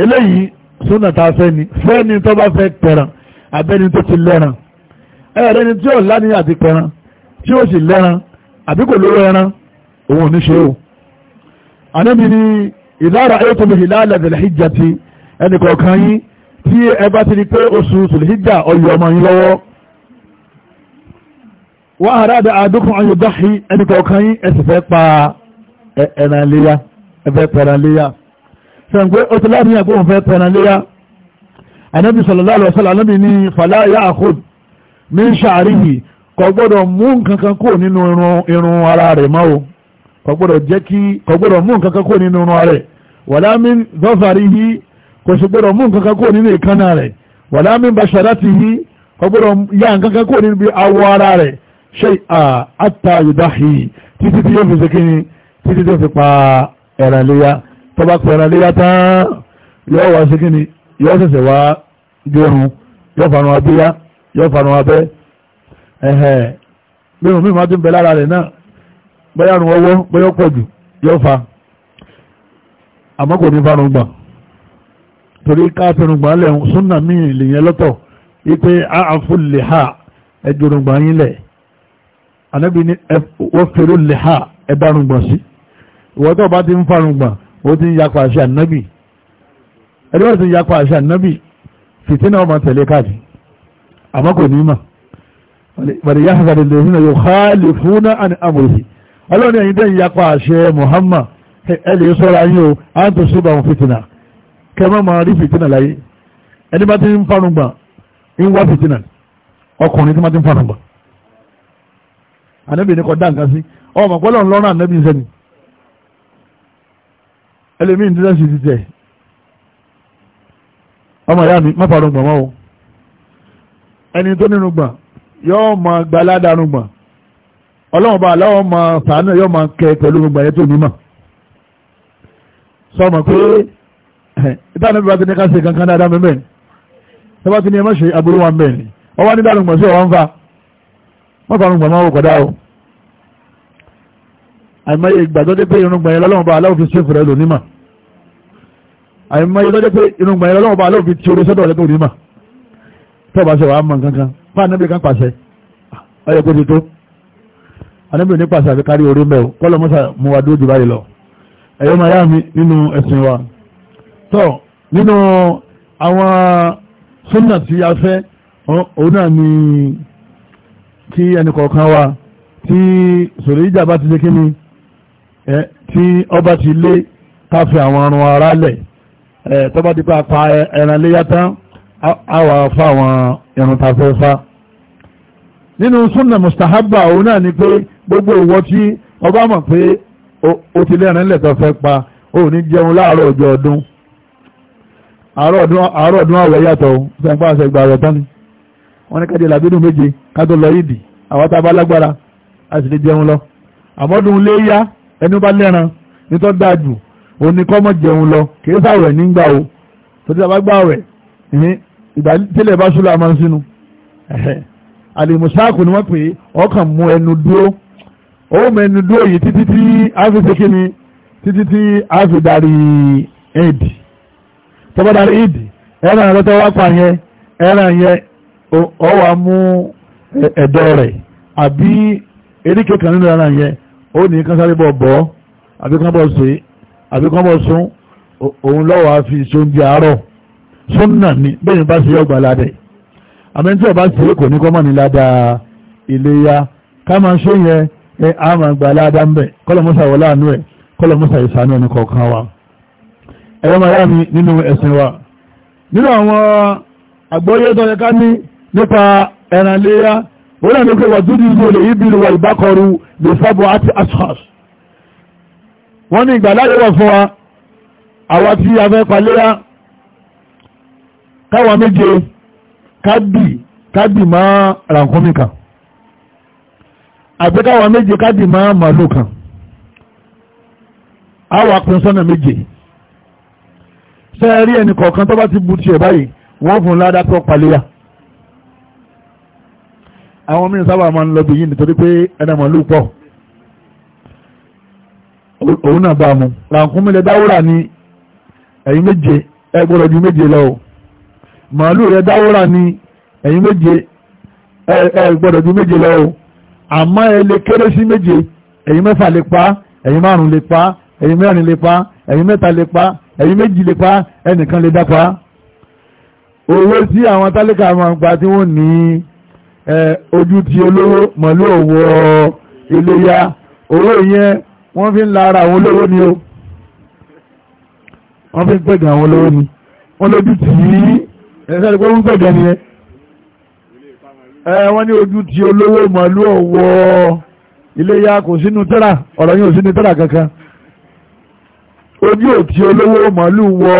eléyìí súnà tá a ni fẹ́ ni tó bá fẹ́ pẹ̀ràn abẹ́ni tó ti lẹ́ran ẹ̀rẹ́ ni tí ò láni àti pẹ̀ràn tí ó sì lẹ́ran àbí kò lóró ẹran òun ò ní ṣe o ànábi ni ìdára ètò ìlàlẹ̀ tẹ̀lẹ́hìjà ti ẹnì kọ̀ọ̀kan yín tí ẹ bá ti di pé oṣù tẹ̀lẹ́hìjà ọyọ̀ ọmọ yín lọ́wọ́ wọ́n àrádà àdókùn ayọ̀dáhì ẹnìkọ̀ ọ̀kan yí ẹ̀sì fẹ́ pa ẹ̀rànléyà ẹ̀fẹ́ pẹ̀rànléyà sẹ́ǹgbé ó ti láàrin àgbóhùn fẹ́ pẹ̀rànléyà anábì sallallahu alaihi wasallam anábì ní fàlá ya'khud min sha'rihi kò gbọ́dọ̀ mú nǹkankan kó nínú irun ara rẹ̀ mọ́ o kò gbọ́dọ̀ jẹ́ kí kò gbọ́dọ̀ mú nǹkankan kó nínú irun rẹ̀ wàlá min dhafarihi kò sì gbọ́dọ̀ mú ṣẹ́yà àtà ìdáhì títí tí yóò fi ṣe kíni títí tí ó fi pa ẹ̀ràn léyà tó bá pa ẹ̀ràn léyà tán yóò wá ṣe kíni yóò ṣẹ̀ṣẹ̀ wá gbẹ̀rún yóò fanu abíyá yóò fanu abẹ́ ẹ̀hẹ̀ gbẹ̀rún mímọ́ tó ń bẹ lára rẹ̀ náà bóyá rùn ọwọ́ bóyá pọ̀ jù yóò fa àmọ́ kò ní fanu gbà torí káfíìrùngbà lẹ̀ súnà míì lèyẹn lọ́tọ̀ wípé ha ẹjọ́rùngbà yín anábì ní wọ́n fèrè lè ha ẹ̀dárùngbọ̀n sí ìwọ́n tó bá ti ń farùngbọ̀n ó ti ń yapa àṣẹ ànábì ẹni wọ́n ti ń yapa àṣẹ ànábì fìtínà ọmọ tẹ̀lé káàdì àmọ́ kò ní mà bàdé yá fàdé lè fún yóò ha lè fún náà àni amòrìsì ọlọ́run ẹ̀yin tẹ́ ń yapa àṣẹ Muhammad ẹ lè sọ́ra yín o á ń tó síbà wọn fìtínà kẹ́mọ́ máa rí fìtínà láyé ẹni bá ti ń farùngbọ̀n ń wá fìtínà ọkùnrin tí wọ́n ti ń farùngbọ̀n ànábì ní kò dá nǹkan sí ọmọ pọ́lọ́ ń lọ́rùn ànábì sẹ́ni ẹlẹ́mìí ní sẹ́sì ti tẹ̀ ọmọ ìyá mi má farun gbọ̀n mọ́ o ẹni tó nínú gbọ̀n yóò máa gba aládàánu gbọ̀n ọlọ́run bá aláwọ̀ máa sàánú yóò máa kẹ pẹ̀lú gbọ̀n yẹn tó mímọ̀ sọmọ pé ìtàn ànábì bá ti ní ká ṣe kankan dáadáa mẹ́mẹ́rin tọ́ba ti ní ẹ má ṣe aburú wa mẹ́rin ọwọ́ ní dáadáa gbọ̀n sí ọ̀wọ́n fa wọ́n fa irùngbọ̀n máa wò kọ̀dá o àìmọye ìgbàjọ́ dé pé irùngbọ̀n yẹn lọ́lọ́wọ́ bá aláwọ̀ fi ṣèfù rẹ̀ lò nímà àìmọye ìgbàjọ́ dé pé irùngbọ̀n yẹn lọ́lọ́wọ́ bá aláwọ̀ fi ti orí sọ́dọ̀ rẹ̀ tó nímà tó bá ṣe wàá mọ̀ kankan fún anábìrì kan pàṣẹ ọyọ kó ti tó anábìrì ní pàṣẹ o kọ́lọ́ mọ́sà mo wá dúró jù báyìí lọ ẹ̀yọ́ máa yá mi nínú ẹ̀sìn wa tó nínú àwọn súnà tí a kí ẹnì kọ̀ọ̀kan wa tí sòrí ìjà bá ti ṣe kí ni tí ọba ti lé káfí àwọn arun ara lẹ̀ tọ́ba ti pa pa ẹran léyà tán á wà fún àwọn irun tá fa nínú súnà mustahaba òun náà ni pé gbogbo ìwọ tí ọba mọ̀ pé o ti lẹ́ran lẹ̀ tó fẹ́ pa o ní jẹun láàárọ̀ ọjọ́ ọdún àárọ̀ ọdún àwẹ̀ yàtọ̀ sẹ́ńpá àṣẹ ìgbà rẹ̀ tán ni wọ́n ní kájẹ́ làbínú méje ká lọ yìí dì àwọn tá a bá lágbára a sì lè jẹun lọ àmọ́dún léyá ẹni bá lẹ́ran nítorí dáa jù òní kọ́ mọ̀ jẹun lọ kìí sàwẹ̀ nígbà o torí tá a bá gbà wẹ̀ ìgbà tílẹ̀ bá ṣúlọ àmọ́ sínú àlèmùsáàkù ni wọ́n pè é ọkàn mú ẹnu dúró ó mú ẹnu dúró yìí títí tí a fi ṣe kí ni títí tí a fi darí éèdì tọ́ba darí éèdì ẹran rẹ tọ́wọ́ pa yẹn ẹran yẹn ọwọ́ mú ẹ̀dọ̀ rẹ̀ àbí eríkè kan nínú ara yẹn ó ní kán sáré bọ̀ bọ́ àbí kán bọ̀ sí àbí kán bọ̀ sún òun lọ́wọ́ á fi àárọ̀ súnà ni bẹ́ẹ̀ bá ṣe ọgbà ládẹ̀ àmì tí ọba ṣe kò ní kọ́mọ̀ ní ládàá iléyá ká máa ṣe yẹn ẹ á máa gbà ládàá ń bẹ̀ kọ́lọ̀mọ́sà wọ láàánú ẹ̀ kọ́lọ̀mọ́sà ìsànú ẹni kọ̀ọ̀kan wa ẹ̀rọ máa yá mi nínú ẹ̀sìn wa nínú àwọn àgbọ́yé tó yẹ ká ní nípa ẹran léyà wọ́n náà ní pé wà dúdú ìlú ibi ìlú wà ìbákọrù lè sábọ̀ àti ashas wọ́n ní ìgbà láyé fún wa àwa tí a fẹ́ pa léyà káwa méje kádì kádì máa ràǹkómi kan àbí káwa méje kádì máa màlúù kan àwa pín sọ́nà méje sẹ́ẹ̀rí ẹnì kọ̀ọ̀kan tó bá ti bu tiẹ̀ báyìí wọ́n fún ládàá tó paléyà àwọn mìíràn sábà máa ń lọ bí yìí nítorí pé ẹ̀dá màálù pọ̀ òun náà bá mu ràǹkúnmílẹ̀ dáwúrà ni ẹ̀yin méje ẹ gbọ́dọ̀ ju méje lọ o màálù rẹ̀ dáwúrà ni ẹ̀yin méje ẹ gbọ́dọ̀ ju méje lọ o àmọ́ ẹ lè kéré sí méje ẹ̀yin mẹ́fà lè pa ẹ̀yin márùn lè pa ẹ̀yin mẹ́rin lè pa ẹ̀yin mẹ́ta lè pa ẹ̀yin méjì lè pa ẹnìkan lè dápa owó tí àwọn tálíkà máa ń tí wọ́n ní ojú ti olówó mọ̀lú òwò iléyá owó ìyẹn wọ́n fi ń la ara àwọn olówó ni o wọ́n fi ń pẹ̀gàn àwọn olówó ni wọ́n lójú tì í ẹ̀sẹ̀ ìpẹ́ ń pẹ̀gàn ni ẹ wọ́n ní ojú ti olówó mọ̀lú òwò iléyá kò sínú tẹ́rà ọ̀rọ̀ yìí ò sínú tẹ́rà kankan ojú ò olówó mọ̀lú wọ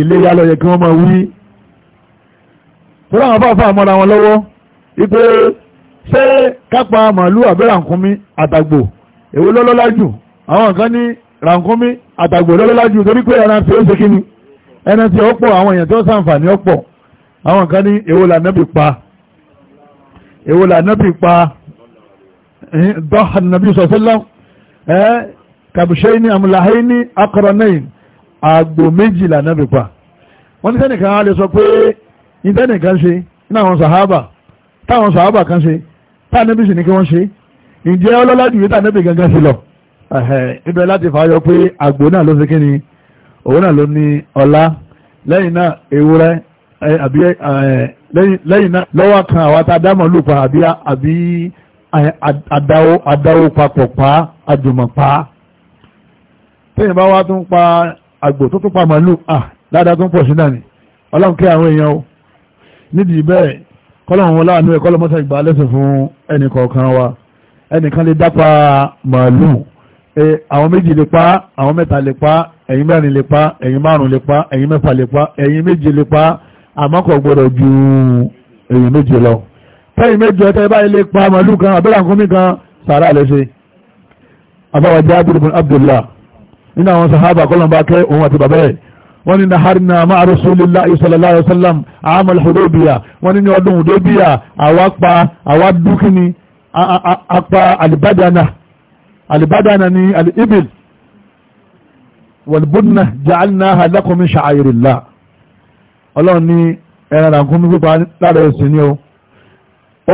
iléyá ló yẹ kí wọ́n máa wí. Fúlàwọn fàáfàá mọ́ra wọn lọ́wọ́ ipe ṣé kápá màálù àbí rànkúnmí àtàgbò èwo lọ́lọ́lá jù àwọn kan ní rànkúnmí àtàgbò lọ́lọ́lá jù torí pé ẹran tí ó ṣe kíni ẹran tí ó pọ̀ àwọn èèyàn tí ó sàǹfààní ó pọ̀ àwọn kan ní èwo lànàbì pa èwo lànàbì pa dọ́hàn nàbí sọ̀sọ́lá ẹ́ kàbùṣẹ́ ní àmúláhẹ́ akọ̀rọ̀nẹ́yìn àgbò méjì lànàbì pa wọ́n ní sẹ́nìkan á lè sọ pé ní sẹ́nìkan ṣe ní àwọn sàhábà táwọn sàábà kan ṣe tánẹ́bì sì ní kí wọ́n ṣe ǹjẹ́ ọlọ́lá jù tánẹ́bì gangan sí lọ ibẹ̀ láti fàáyọ pé àgbò náà ló ṣe kí ni òun náà ló ní ọlá lẹ́yìn náà ewúrẹ́ àbí lẹ́yìn náà lọ́wọ́ kan àwọn atádámọ̀ lù pa àbí adáwó papọ̀ pa àjùmọ̀ pa tẹ́yìn bá wá tún pa àgbò tó tún pa màálù ah dáadáa tún pọ̀ sí náà ni ọlọ́run kí àwọn èèyàn o nídìí bẹ́ẹ̀ kọ́lọ̀hún láàánú ẹ̀ kọ́lọ̀mọ́sà ìgbà lẹ́sẹ̀ fún ẹnì kọ̀ọ̀kan wa ẹnìkan lè dápa màálù àwọn méjì lè pa àwọn mẹ́ta lè pa ẹ̀yin mẹ́rin lè pa ẹ̀yin márùn lè pa ẹ̀yin mẹ́fà lè pa ẹ̀yin méje lè pa àmọ́ kò gbọ́dọ̀ ju ẹ̀yin méje lọ tẹ́yìn méje ọ̀tẹ́ báyìí lè pa màálù kan àbẹ́rẹ́ àkúnmí kan sàrà lẹ́sẹ̀ afáwájá abdullah nínú àwọn sàhábà kọ́lọ̀ wọ́n ní naharina máa rasulillahi sallallahu alaihi wasallam amal hudobiya wọ́n ní ọdún hudobiya àwa pa àwa apá alibadana alibadana ní alibil walbunna ja'alnaha lakum min ọlọ́run ní ẹran àkúnmí pípa lára ẹ̀sìn ni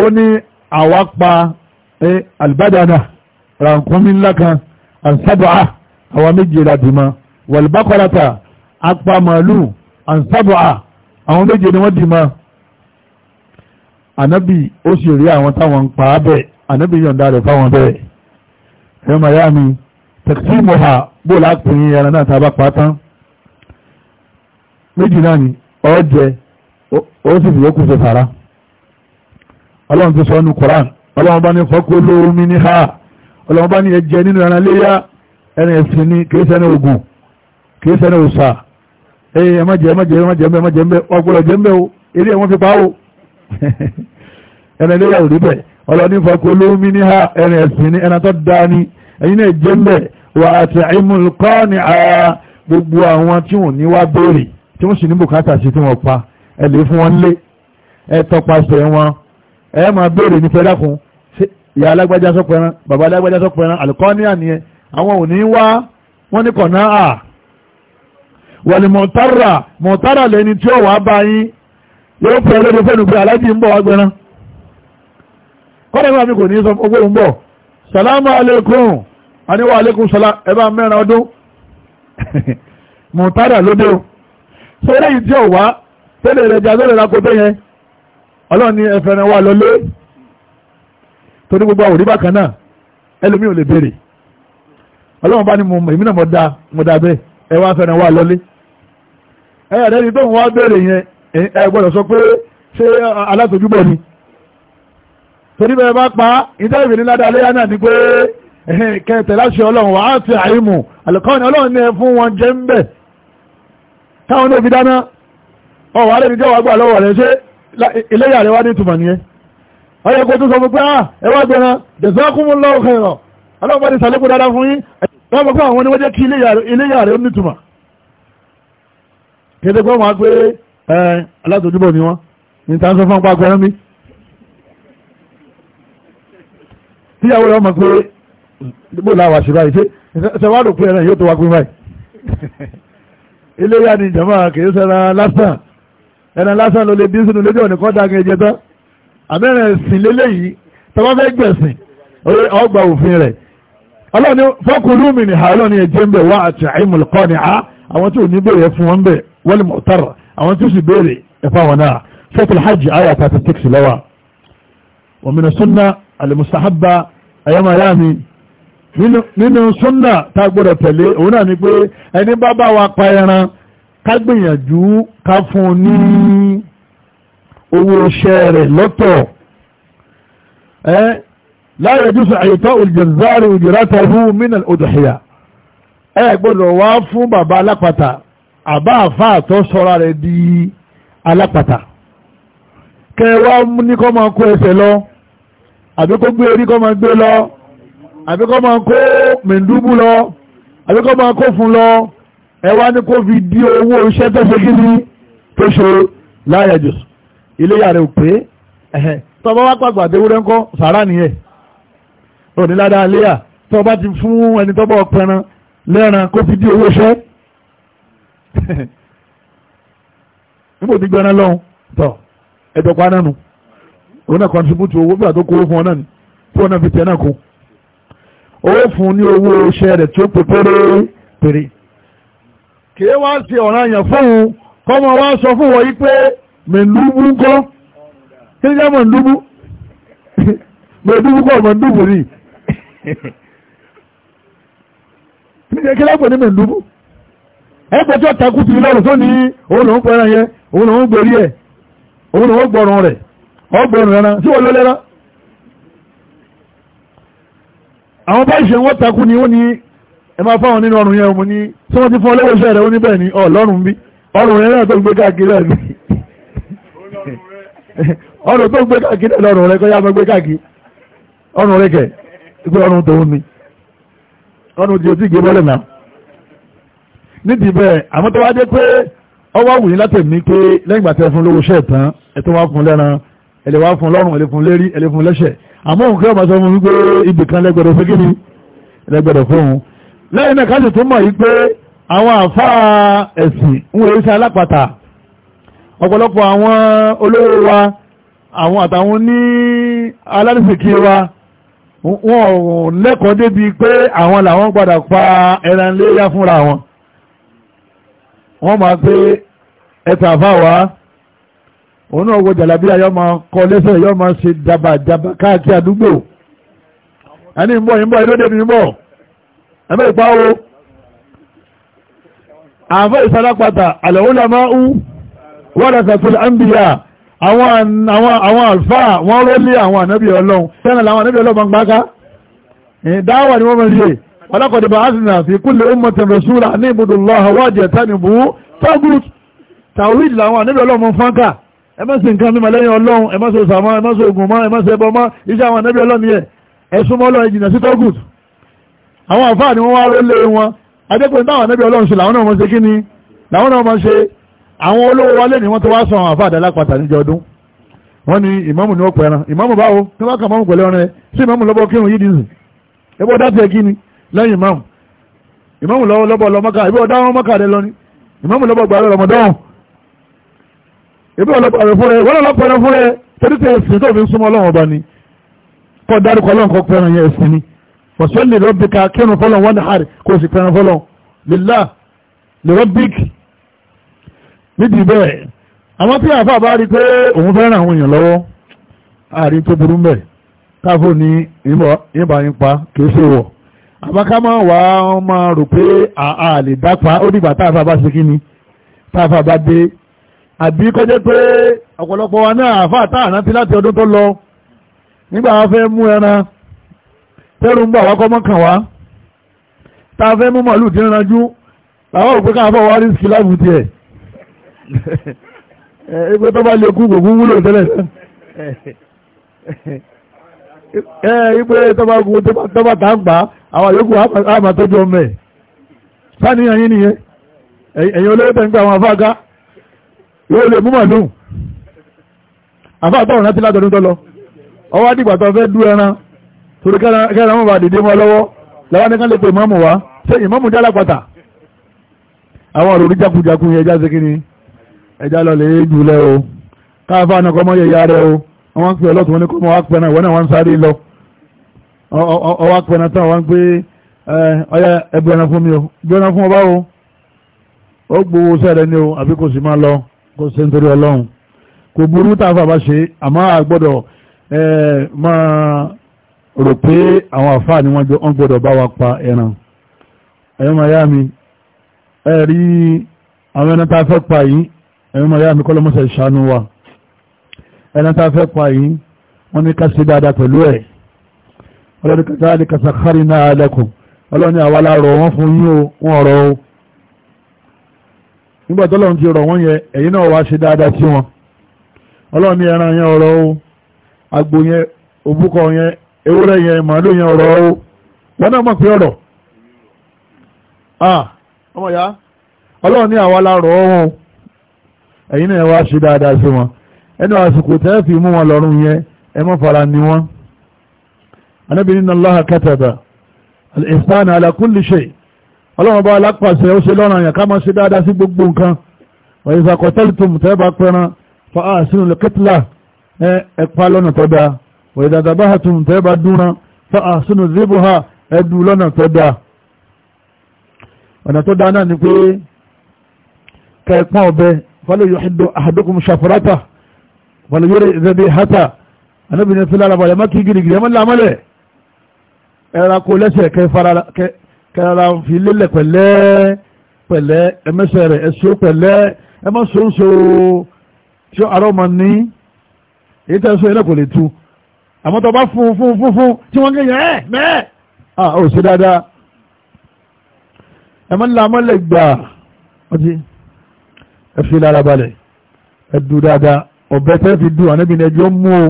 ó ní àwa pa alibadana ńlá kan àǹsábàá àwa méje làdìmọ́ wàlbákọ́rata apá màálù àǹsábọ̀à àwọn méje ni wọ́n dì mọ́ ànábì ó sì rí àwọn táwọn ń pa á bẹ̀ ànábì yọ̀ǹda rẹ̀ fáwọn bẹ́ẹ̀ ẹ̀rọ màyá mi tẹ̀síìmù ha bó lápẹ̀yìn ẹran náà tá a bá pa á tán méjì náà ni ó jẹ ó sì fi yókù ṣe sàrà ọlọ́run ti sọ nu Koran ọlọ́run bá ní fọ́kó lómi ní ha ọlọ́run bá ní ẹjẹ nínú ẹran léyà ẹran ẹ̀sìn ni kìí sẹ́ni ogun kìí sẹ́ni òòṣà ẹ má jẹ má jẹ má jẹ mbẹ má jẹ mbẹ ọgbọ́dọ̀ jẹ mbẹ o eré ẹ̀ wọ́n fi pa o ẹnlẹ́ lẹ́yà òrí bẹ̀ ọlọ́ni fakọ lómi ní ha ẹ̀rìn ẹ̀sìn ní ẹ̀nà tó dáa ni ẹ̀yin náà jẹ mbẹ wà á ti àìmú kọ́ ni a gbogbo àwọn tí wọ́n ní wá béèrè tí wọ́n sì ní bùkátà sí tí wọ́n pa ẹ fún wọn lé ẹ wọn ẹ máa béèrè ní fẹ́dákun ìyá alágbájá sọpẹ́rán bàbá alágbájá sọpẹ́rán àlùkọ́ ní àníyẹ àwọn òní wá wọ́n ní kọ̀ọ̀nà à wọ̀lì mọ̀tàrà mọ̀tàrà lẹ́ni tí ó wà bá yín yóò pẹ̀lú lórí fẹ́nu pé aláàjì ń bọ̀ wá gbẹran kọ́lẹ̀mọ́ mi kò ní sọ owó ń bọ̀ salamu alaikum aníwá alaikum salam ẹbá mẹ́rin ọdún mọ̀tàrà lóde o ṣe eléyìí tí ó wá tẹ́lẹ̀ rẹ̀ jà lórí rakoto yẹn ọlọ́ni ẹ̀fẹ̀rẹ̀ wà lọlé torí gbogbo àwòrí bákan náà ẹlòmíì ò lè béèrè ọlọ́run bá ní mo mọ̀ èmi náà mo da mo da bẹ́ẹ̀ ẹ wá fẹ́ràn wà lọlé ẹ̀rẹ́ ni tó ń wá bẹ̀rẹ̀ yẹn ẹ sọ pé ṣé alátojúbọ̀ ni torí bẹ́ẹ̀ bá pa ìdáìbì ní ládàá léyà náà ni pé kẹtẹ láṣẹ ọlọ́run wà ní ẹ fún wọn jẹ ń bẹ̀ náà fi dáná ọwọ́ ní jẹ́wàá gbà lọ́wọ́ rẹ̀ iléyà rẹ̀ wá ní ìtumọ̀ nìyẹn kó sọ pé ah, ẹ wá gbẹran ọlọ́run bá ti sàlékún dáadáa fún yín wọ́n mọ̀ pé àwọn kí kéde pé wọ́n a pé ẹ alátòjúbọ̀ ni wọ́n ní tàǹsọ́ fún apá mi tíyàwó rẹ̀ ọmọ pé bó láwà ọ báyìí ṣe wá rò pé ẹran yóò tó wá pín báyìí iléyà ni jama kìí sẹ́ra lásán ẹran lásán ló lè dín sínú lójú ọ̀nì tán sìn tọ́wọ́ fẹ́ gbẹ̀sìn ọgbà òfin rẹ̀ ọlọ́ni mi ni ń bẹ̀ wá àti ni a àwọn tí ò ní bẹ̀rẹ̀ wal mu'tar àwọn tí ó sì béèrè ẹ̀fọ́ àwọn náà suratul hajj aya thirty six lọ́wọ́ wa min sunna al-mustahabba ayọ́mọ ayá mi nínú sunna tá a gbọ́dọ̀ tẹ̀lé òun náà ni pé ẹni bá bá wa pa ẹran ká gbìyànjú ká fún un ní owó iṣẹ́ rẹ̀ lọ́tọ̀ ẹ́ láyé jùsọ àyètọ́ olùjẹ̀záàrí òjìrátà rú mínà òdòhìyà ẹ gbọ́dọ̀ wá fún bàbá alápàtà àbá àfáà tó sọ́ra rẹ̀ di alápàtà kẹwàá ní kọ́ máa kó ẹsẹ̀ lọ àbí kó gbé orí kọ́ máa gbé lọ àbí kọ́ máa kó mẹ̀ndúbù lọ àbí kọ́ máa kó fún lọ ẹwà ní kó fi di owó iṣẹ́ tó ṣe kíni tó ṣe láyàjò iléyà rẹ̀ ò pé tọba wá pàgbà déwúrẹ́ ńkọ́ sàrà nìyẹn òní ládàá léyà tọba ti fún ẹni tọba ọpẹran lẹ́ran kó fi di owó iṣẹ́ níbo ti gbẹ́ná lọ́hùn tọ̀ ẹ̀jọ̀ pa nánu òun náà kọ́ntribútù owó gbà tó kó fún ọ náà ni tí wọn náà fi tẹ̀ náà kó owó fún ní owó iṣẹ́ rẹ̀ tí ó pè péré péré kì í wá sí ọ̀ràn àyàn fóun kọ́mọ wá sọ fún wọ́n yí pé mẹ̀lúbú ń kọ́ kí ní jẹ́ mẹ̀lúbú mẹ̀lúbú kọ́ mẹ̀lúbú rí kí ní jẹ́ kí lápò ní mẹ̀lúbú. ẹgbẹ́jọ́ takú ti lọ́rùn tó ní òun òun pẹ̀rẹ̀ yẹn òun òun gbèrí ẹ̀ òun òun gbọ̀rùn rẹ̀ ọgbọ̀rùn rẹ̀ náà tí wọ́n lọ́lẹ́rá àwọn takú ni ó ní ẹ máa fáwọn nínú ọrùn yẹn ní tí ti fún ọlọ́wọ́ iṣẹ́ ó ní bẹ́ẹ̀ ni ọlọ́run bí ọrùn náà tó gbé káàkiri ọrùn tó gbé káàkiri kọ́ yá gbé káàkiri ọrùn ni ọrùn o ti bọ́lẹ̀ náà nídìí bẹ́ẹ̀ àmọ́ tó wá dé pé ọwọ́ àwùn yín látẹ̀mí pé lẹ́yìn ìgbà tí ẹ fún lówó iṣẹ́ ìtàn ẹ tó wá fún lẹ́ran ẹ lè wá fún lọ́rùn ẹ lè fún lérí ẹ lè fún lẹ́sẹ̀ àmọ́ òun kí ọmọ sọ fún mi pé ibì kan lẹ́gbẹ̀rẹ̀ fún kíni lẹ́gbẹ̀rẹ̀ fún òun lẹ́yìn náà káṣí tó mọ̀ yí pé àwọn àfáà ẹ̀sìn ń wọ iṣẹ́ alápàtà ọ̀pọ̀lọpọ̀ àwọn olówó wa àwọn àtàwọn ní alárìsìkí wa wọn ò lẹ́kọ̀ọ́ débi pé àwọn làwọn padà pa ẹran léyà fúnra wọn wọ́n máa pé ẹ̀tà àfáwá òun náà wo jàlábí ayọ́ máa kọ lẹ́sẹ̀ yọ́ máa ṣe jàbà jàbà káàkiri àdúgbò ẹni ń bọ̀ ń bọ̀ ìlódé mi ń bọ̀ ẹ̀mẹ́ ìpá o àfẹ́ ìsálápàtà àlẹ́wọ́lámá ń wọ́dàkàtúlẹ̀ àǹbíyà àwọn àlfáà wọ́n rólé àwọn ànábì ọlọ́run tẹ́nà làwọn ànábì ọlọ́run gbáká dáwà ni wọ́n mọ̀ ọlọ́kọ̀dé bá azina fi kúlẹ̀ ummatin rasúlà ní ibùdó lọ́ha wájẹ̀ tánìbù tọ́gùt tàwíd làwọn àníbẹ̀ ọlọ́mọ fáńkà ẹmẹ́sì nǹkan mímọ̀ lẹ́yìn ọlọ́run ẹmẹ́sì òsàmọ́ ẹmẹ́sì ogun mọ́ ẹmẹ́sì ẹbọ mọ́ iṣẹ́ àwọn àníbẹ̀ ọlọ́ni ẹ̀ ẹ̀sùnmọ́ ọlọ́run ìjìnà sí tọ́gùt àwọn àfáà ni wọ́n wá rólé wọn adékòó táwọn àníbẹ̀ ọlọ́run ṣe làwọn náà mọ̀ ṣe kí ni làwọn náà mọ̀ ṣe àwọn olówó wa ni báwo tí kà sí kírun lẹ́yìn ìmáàmù ìmáàmù lọ́wọ́ lọ́bọ̀ lọ mọ́kà ibi ọ̀dá wọn mọ́kà rẹ lọ ni ìmáàmù lọ́bọ̀ gbàrẹ́ rọmọdán ibi ọ̀lọ́pàá rẹ fúnra wọ́n lọ́pàá rẹ fúnra torí pé ẹ̀sìn tó fi ń súnmọ́ ọlọ́wọ́n ọba ni kọ́ dárúkọ ọlọ́run kọ́ pẹ́ran yẹn ẹ̀sìn ni fọ̀sọ́lì rọ́bìkà kírun fọlọ́n wọ́n hàr kó o sì pẹ́ran fọlọ́n lílá lérọ́bìk nídìí bẹ́ẹ̀ àwọn tí àfa bá rí pé òun fẹ́ràn àwọn èèyàn lọ́wọ́ àárín tó burú mẹ́ẹ̀ káfó ní ìbá yín pa kì í ṣe wọ̀ àbákámọ́ wà wọ́n máa rò pé àà lè dápa ó dìgbà táàfà bá ṣe kíni táàfà bá dé àbí kọjẹ́ pé ọ̀pọ̀lọpọ̀ wa náà àfà táàrán ti láti ọdún tó lọ nígbà wá fẹ́ mú ẹran tẹ́rù ń bà wá kọ́mọ́ kàn wá táà fẹ́ mú màálù tí ń ranjú làwọn òpin káàfà wá rí sí láàbù tiẹ̀ ẹgbẹ́ tó bá lè kú kò wúlò tẹ́lẹ̀ ìpẹ́ tọ́bàgùn tọ́bàtà ń gbà àwọn yòókù awa ọmọ ẹ̀ sáníyàn yín nìyẹn ẹ̀yìn olóyè tẹ̀ ń gbà àwọn afáàgá yóò lè mú màdùn àfáàtọ̀ ọ̀nà tí látọ̀dún tọ́lọ ọwọ́ àdìgbà tó fẹ́ dú ẹran torí kẹ́ran mọ̀ bá dìde mọ́ lọ́wọ́ lọ́wọ́ ní kán lè ìmọ̀mù wá ṣé ìmọ̀mù jẹ́ alápàtà àwọn ọ̀rọ̀ orí yẹn ẹja ṣe kí àwọn ń pè ọlọ́tún wọn ní kọ́ mọ́ wá pẹ́ náà ìwọ náà wọ́n ń sáré lọ ọwá pẹ́ náà táwọn pé ọyá ẹgbẹ́ ẹran fún mi o gbé ẹran fún ọba o ó gbowó sẹ́rẹ̀ ni o àbí kò sì máa lọ kò sí nítorí ọlọ́run kò burú táfà bá ṣe àmọ́ àgbọ́dọ̀ máa rò pé àwọn àfáà ni wọ́n gbọ́dọ̀ bá wa pa ẹran ẹ̀yọ́ máa yá mi ẹ̀rí àwọn ẹran tá a fẹ́ pa yìí ẹ̀yọ́ máa yá mi kọ́lọ́mọ́sẹ̀ ṣàánú wa. ẹ̀nà fẹ́ pa yìí wọ́n ní ká ṣe dáadáa pẹ̀lú ẹ̀ ọlọ́ni kàtà ní kàṣàkárì náà lẹ́kùn ọlọ́ni àwa la rọ̀ wọ́n fún yín o wọ́n rọ̀ o nígbà tó lọ́n ti rọ̀ wọ́n yẹ ẹ̀yin náà wá ṣe dáadáa sí wọn ọlọ́ni ẹran yẹn o àgbò yẹn òbúkọ yẹn ewúrẹ́ yẹn màálù yẹn o wọ́n náà mọ̀ pé ọ̀rọ̀ ah ọmọ ya ọlọ́ni àwa ẹnu àsìkò tẹ́ fi mú wọn lọ́rùn yẹn ẹ má fara ni wọn Ànábì ní Allaha kataba al-ihsana ala kulli shay ọlọ́run bá alápàṣẹ ó ṣe lọ́rùn àyàn ká máa ṣe dáadáa sí gbogbo nǹkan wa iza qataltum tẹ́ bá pẹran fa ahsinu al-qitla ẹ pa lọ́nà tó dáa wa iza dhabahatum tẹ́ bá dúnra fa ahsinu dhibaha ẹ dú lọ́nà tó dáa ọ̀nà tó dáa náà ni pé kẹ́ẹ̀pọ̀n ọbẹ̀ fọ́lẹ̀ yóò ahadukum ṣàfúrátà wàlẹ̀ yóò rẹ̀ bí hata anábì ní fi lára balẹ̀ má kí girigiri ẹ má lámọ́lẹ̀ ẹ̀rọ kó lẹ́sẹ̀ kẹfara fi lélẹ̀ pẹ̀lẹ́ pẹ̀lẹ́ ẹmẹ́sẹ̀ rẹ̀ ẹ̀sọ́ pẹ̀lẹ́ ẹ má sọ́nso tí ó arọ́ ma ní èyí tẹ́ sọ ilẹ̀ kò lè tu àmọ́ tó bá fún fún fún fún tí wọ́n kéèyàn ẹ̀ eh, mẹ́ẹ̀ ah ó sì dáadáa ẹ e má lámọ́lẹ̀ gbà ọtí ẹ e fi lára balẹ̀ ẹ e dù dáadáa ọ̀bẹ tẹ́ fi dùn ànábì ní ẹjọ́ mú o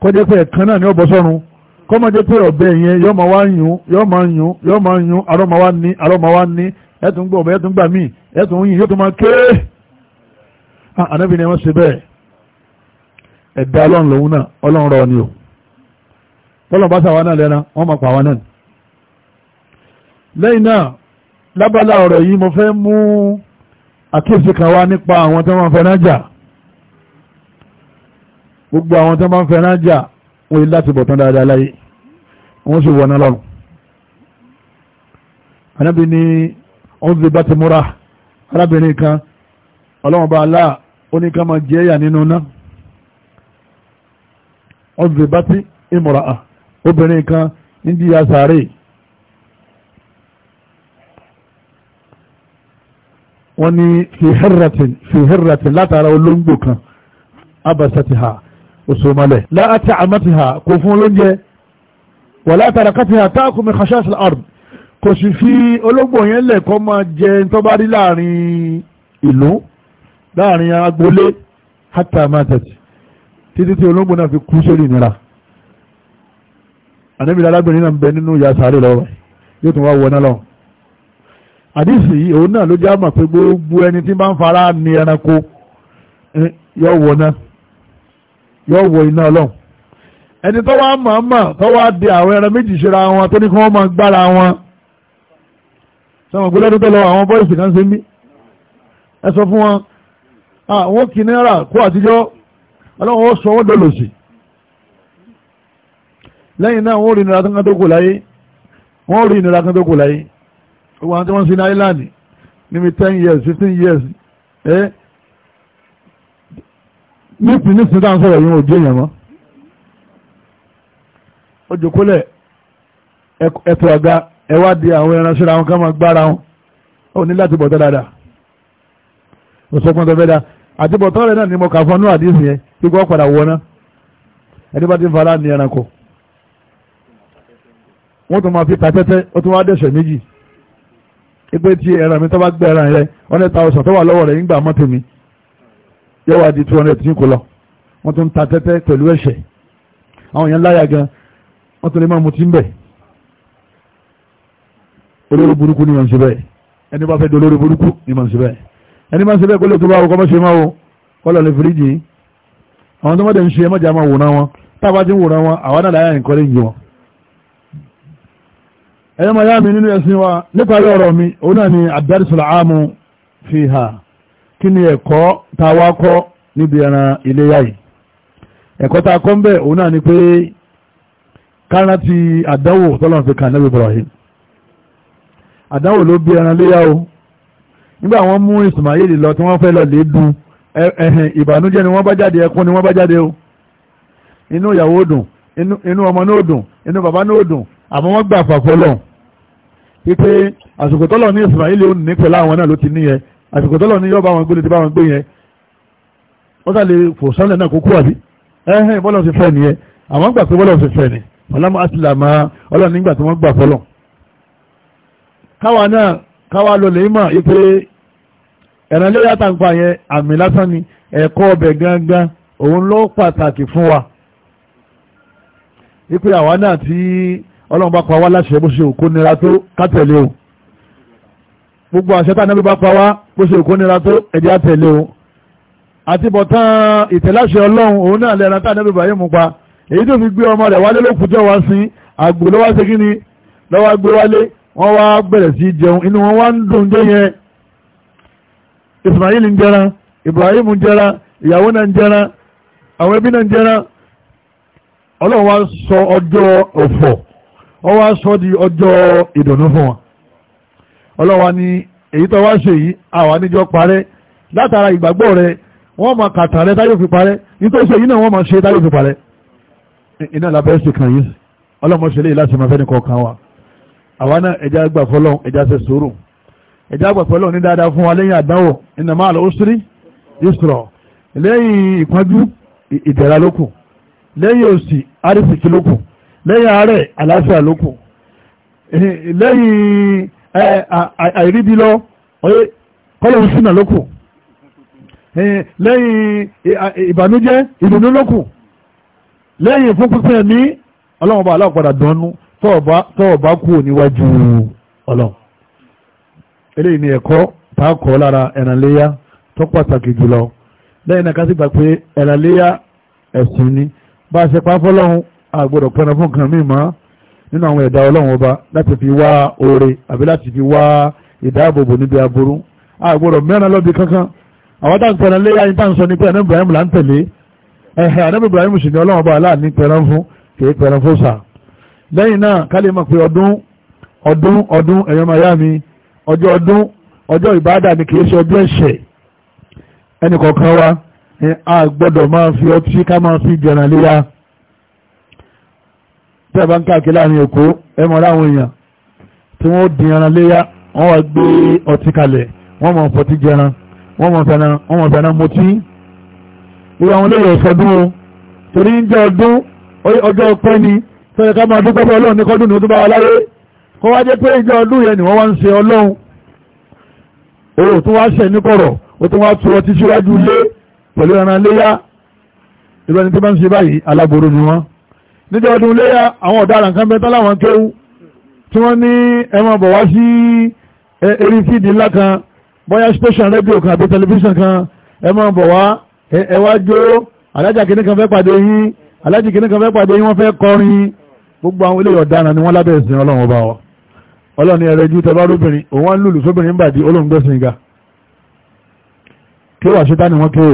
kọjá pé ẹ̀kan náà ní ọ̀bọ sọ́run kọ́mọdé pé ọ̀bẹ yẹn yọ́ máa wá yún yọ́ máa yún yọ́ máa yún arọ́ máa wá ní arọ́ máa wá ní ẹ̀tún gbọ́ ọ̀bẹ ẹ̀tún gbà míì ẹ̀tún yìn yóò tó máa ké ah, ànábì ní wọ́n ṣe bẹ́ẹ̀ ẹ̀dá ọlọ́run lòun náà ọlọ́run rọ ni o tọ́lọ̀ bá sàwọn náà lẹ́ran wọ́n máa pa àwọn náà lẹ́yìn náà lábala ọ̀rọ̀ yìí mo fẹ́ mú àkíyèsí kan wá nípa àwọn tó máa fẹ́ náà jà gbogbo àwọn tó bá ń fẹ́ràn jà wọ́n yìí láti bọ̀tán dáadáa láyé wọ́n sì wọ̀nà lọ́rùn anábì ní ọ́n ti bá ti múra arábìnrin kan ọlọ́run bá aláà ó ní ká máa jẹ́ ẹ̀yà nínú náà ọ́n bá ti ìmọ̀ra obìnrin kan ní díya sàárè wọ́n ní fi látara olóńgbò kan abasatiha oṣù mọ́lẹ̀ láti àmàtìhà kò fún lóúnjẹ wà látara kátìhà táàkù mi khashashil ard kò sì fi ológbò yẹn lẹ̀kọ́ máa jẹ tó bá rí láàrin ìlú láàrin agbolé hátà mátẹ̀tì títí tí ológbò náà fi kú sórí ìnira ànábì alábìnrin náà ń bẹ nínú ìyá sáré lọ́wọ́ yóò tún wá wọná lọ àdìsí òun náà ló já mọ̀ pé gbogbo ẹni tí bá ń fara ní ẹranko eh, yóò wọná yóò wọ iná ọlọ́run ẹni tó wá màmá tó wá di àwọn ẹran méjì ṣera wọn tó ní kí wọ́n máa gbára wọn sọmọ gbé lọ́dún tó lọ àwọn bọ́ìsì kan ṣe ń bí ẹ sọ fún wọn àwọn kì náírà kó àtijọ́ ọlọ́run ó sọ wọ́n dọ̀lọ̀ sí lẹ́yìn náà wọ́n rí ìnira kan tó kù láyé wọ́n rí ìnira kan tó kù láyé gbogbo àwọn tí wọ́n ń sin ní island níbi ten years fifteen years ẹ́ eh? nísìn nísìn tá à ń sọ̀rọ̀ yìí ò dé èèyàn mọ́ ó jòkólẹ̀ ẹ̀tọ́ ọ̀gá ẹ wá di àwọn ẹran síra wọn ká máa gbára wọn ó ní láti bọ̀tọ́ dáadáa ó sọ pọ́n tó fẹ́ àti bọ̀tọ́ rẹ̀ náà ni mo kà fún ọ ní àdìsí yẹn kí kò padà wọ náà ẹni bá ti ń fara ní ẹranko wọ́n tún máa fi ta ó tún wá dẹ̀sẹ̀ méjì pé tí ẹran mi tó bá gbẹ one thousand tó wà lọ́wọ́ rẹ̀ ń gbà yóò wá di two hundred tí kò lọ wọ́n tún ta tẹ́tẹ́ pẹ̀lú ẹ̀ṣẹ̀ àwọn èèyàn láyà gan wọ́n tún lè máa mutí ń bẹ̀ olórí burúkú ni màá ṣe bẹ́ẹ̀ ẹni bá fẹ́ di olórí burúkú ni màá ṣe bẹ́ẹ̀ ẹni máa ṣe kólé tó bá wọ kọ́ mọ́ ṣe máa wọ kọ́lọ̀ lè fìríjì àwọn tó mọ́dẹ̀ ń ṣe mọ́jà máa wòran wọn tábà tí ń wòran wọn àwọn náà láyà nǹkan lè yí wọn ẹ̀yọ́ máa yá mi nínú ẹ̀sìn wa nípa ọ̀rọ̀ mi òun náà ni àdárísọ̀lá áàmù fi hà kí ni ẹ̀kọ́ tá a wá kọ́ níbi ẹran iléyà yìí ẹ̀kọ́ tá a kọ́ ń bẹ̀ òun náà ni pé kára ti àdánwò tọ́lọ́n fi kàn nábì Ibrahim àdánwò ló bí ẹran léyà o nígbà wọ́n mú Ismail lọ tí wọ́n fẹ́ lọ lè du ẹ̀hìn ìbànújẹ́ ni wọ́n bá jáde ẹkún ni wọ́n bá jáde o inú ìyàwó dùn inú ọmọ náà dùn inú bàbá náà dùn àmọ́ wọ́n gbà fàfọ́ lọ wípé àsìkò tọ́lọ̀ ní Ismail ò ní pẹ̀lú àwọn náà ló ti níyẹn àsìkò tọ́lọ̀ ní yọ́ bá wọn gbé ní ti bá wọn gbé yẹn wọ́n sá lè fò sánlẹ̀ náà kó kú àbí ẹ̀hẹ́n bọ́lọ̀ ti fẹ́ nìyẹn àwọn gbà pé bọ́lọ̀ ti fẹ́ ni ọlámọ́ àtìlà máa ọlọ́run nígbà tí wọ́n gbà fọ́lọ̀ káwa náà káwa lọ lè mọ̀ ipe ẹ̀ràn lórí àtàǹpa yẹn àmì lásán ni ẹ̀kọ́ ọbẹ̀ gangan òun ló pàtàkì fún wa ipe àwa náà tí ọlọ́run bá pa wá láṣẹ bó ṣe òkú nira tó kátẹ̀lé o gbogbo àṣẹ tá ànábì bá pa wá bó ṣe kó nira tó ẹ̀jẹ̀ àtẹ̀lé o àti bọ̀tán ìtẹ̀láṣẹ ọlọ́run òun náà lẹ́ran tá ànábì Ibrahim pa èyí tó fi gbé ọmọ rẹ̀ wálé ló kùjọ́ wá sí àgbò lọ́wọ́ ṣe kíni lọ́wọ́ gbé wálé wọ́n wá bẹ̀rẹ̀ sí jẹun inú wọn wá ń dùn jẹ́ yẹn Ismail ń jẹran Ibrahim ń jẹran ìyàwó náà ń jẹran àwọn ẹbí náà ń jẹran ọlọ́run wá sọ ọjọ́ òfò ọ wá sọ di ọjọ́ ìdùnnú fún wọn ọlọ́wà ni èyí tó wá ṣe yìí àwa níjọ parẹ́ látara ìgbàgbọ́ rẹ wọ́n máa kàtà rẹ táyọ̀ fi parẹ́ nítorí ṣe yìí náà wọ́n máa ṣe táyọ̀ fi parẹ́ iná làbẹ́ ṣe kàn yìí ọlọ́mọṣẹ́ lè láti máa fẹ́ nìkan wa àwa náà ẹja gbà fọlọ́ ẹja ṣe sùúrù ẹja gbà fọlọ́ ní dáadáa fún wa lẹ́yìn àdánwò inna ma'al usri yusra lẹ́yìn ìpọ́njú ìdẹ̀ra lókù lẹ́yìn òsì àrísìkí lókù lẹ́yìn àárẹ̀ àlàáfíà lókù lẹ́yìn àìríbi lọ kọ́lọ̀ ń sínà lókù lẹ́yìn ìbànújẹ́ ìdùnnú lókù lẹ́yìn fún pínpín ẹ̀mí ọlọ́run bá aláàpadà dánú tọ́ọ̀bá kú níwájú ọlọ́run eléyìí ni ẹ̀kọ́ tààkọ̀ lára ẹ̀rànléyà tó pàtàkì jùlọ lẹ́yìn náà kásìgbà pé ẹ̀rànléyà ẹ̀sìn ni bá a ṣe pa fọ́lọ́run àgbọ̀dọ̀ pẹ̀rẹ̀ fún nǹkan míì máa nínú àwọn ẹ̀dá ọlọ́run ọba láti fi wá oore àbí láti fi wá ìdáàbòbò níbi aburú àgbọ̀dọ̀ mẹ́rin lọ́bi kankan àwọn táwọn pẹ̀lú ilé ayé táwọn sọ ní pé ànábì Ibrahim là ń tẹ̀lé ẹ̀hẹ̀ ànábì Ibrahim sì ni ọlọ́run ọba aláàní pẹ̀rán fún kìí pẹ̀rán fún sà lẹ́yìn náà kálí mọ̀ pé ọdún ọdún ọdún ẹ̀yọ́ maya mi ọjọ́ ọdún ọjọ́ ìbáàdà ni kìí ṣe ọjọ́ ẹ̀ṣẹ̀ ẹnì kọ̀ọ̀kan wa a máa fi ọtí ká máa fi jẹ̀ràn léyà tẹ́ bá ń káàkiri láàrin èkó ẹ mọ̀ láwọn èèyàn tí wọ́n dín ẹran léyà wọ́n wá gbé ọtí kalẹ̀ wọ́n mọ̀ fọtí jẹran wọ́n mọ̀ fẹ́ràn wọ́n mọ̀ fẹ́ràn mutí ìwà àwọn olóyè ìfọdún o torí ń jẹ́ ọdún ọjọ́ ọpẹ́ ni sọ́yẹ́ ká máa dúpẹ́ ọlọ́run ní kọ́dún ní ọdún bá wà láyé kọ́ wá jẹ́ pé ìjọ ọdún yẹn ni wọ́n wá ń ṣe ọlọ́run owó wá ṣẹ̀ ní kọ̀rọ̀ níjọ́ ọdún léyà àwọn ọ̀daràn kan bẹ́ẹ̀ tọ́láwọn kéwú tí wọ́n ní ẹmọ bọ̀ wá sí eré fídì ńlá kan bóyá station radio kan àbí tẹlifíṣàn kan ẹmọ bọ̀ wá ẹwà jó alájà kìíní kan fẹ́ pàdé yín alájì kìíní kan fẹ́ pàdé yín wọ́n fẹ́ kọrin gbogbo àwọn ilé ọ̀daràn ni wọ́n lábẹ́ ìsìn ọlọ́run ọba wa ọlọ́ni ẹ̀rẹ́ ju tẹ́lá lóbìnrin òun wá ni wọ́n kí o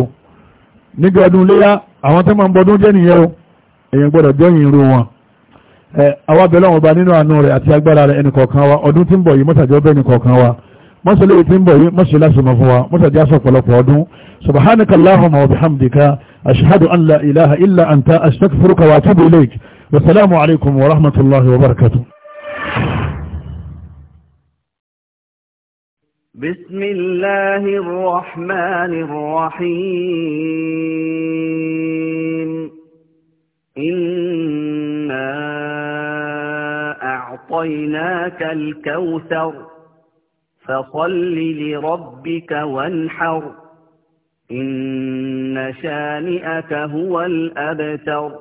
nígbà ọdún léyà àwọn èyàn gbọ́dọ̀ jẹ́yìn irú wọn awábẹ̀lẹ̀ wọn bá nínú àánú rẹ̀ àti agbára rẹ̀ ẹnì kọ̀ọ̀kan wa ọdún tí ń bọ̀ yìí mọ́sàjọ́ bẹ́ẹ̀ kọ̀ọ̀kan wa mọ́sàlẹ̀ tí ń bọ̀ yìí mọ́sàlẹ̀ láti mọ̀ fún wa mọ́sàjọ́ aṣọ ọ̀pọ̀lọpọ̀ ọdún subhanaka allahumma wa bihamdika ashhadu an la ilaha illa anta astaghfiruka wa atubu ilayk wa salaamu alaykum wa rahmatullahi wa barakatuh بسم الله الرحمن الرحيم إنا أعطيناك الكوثر فصل لربك وانحر إن شانئك هو الأبتر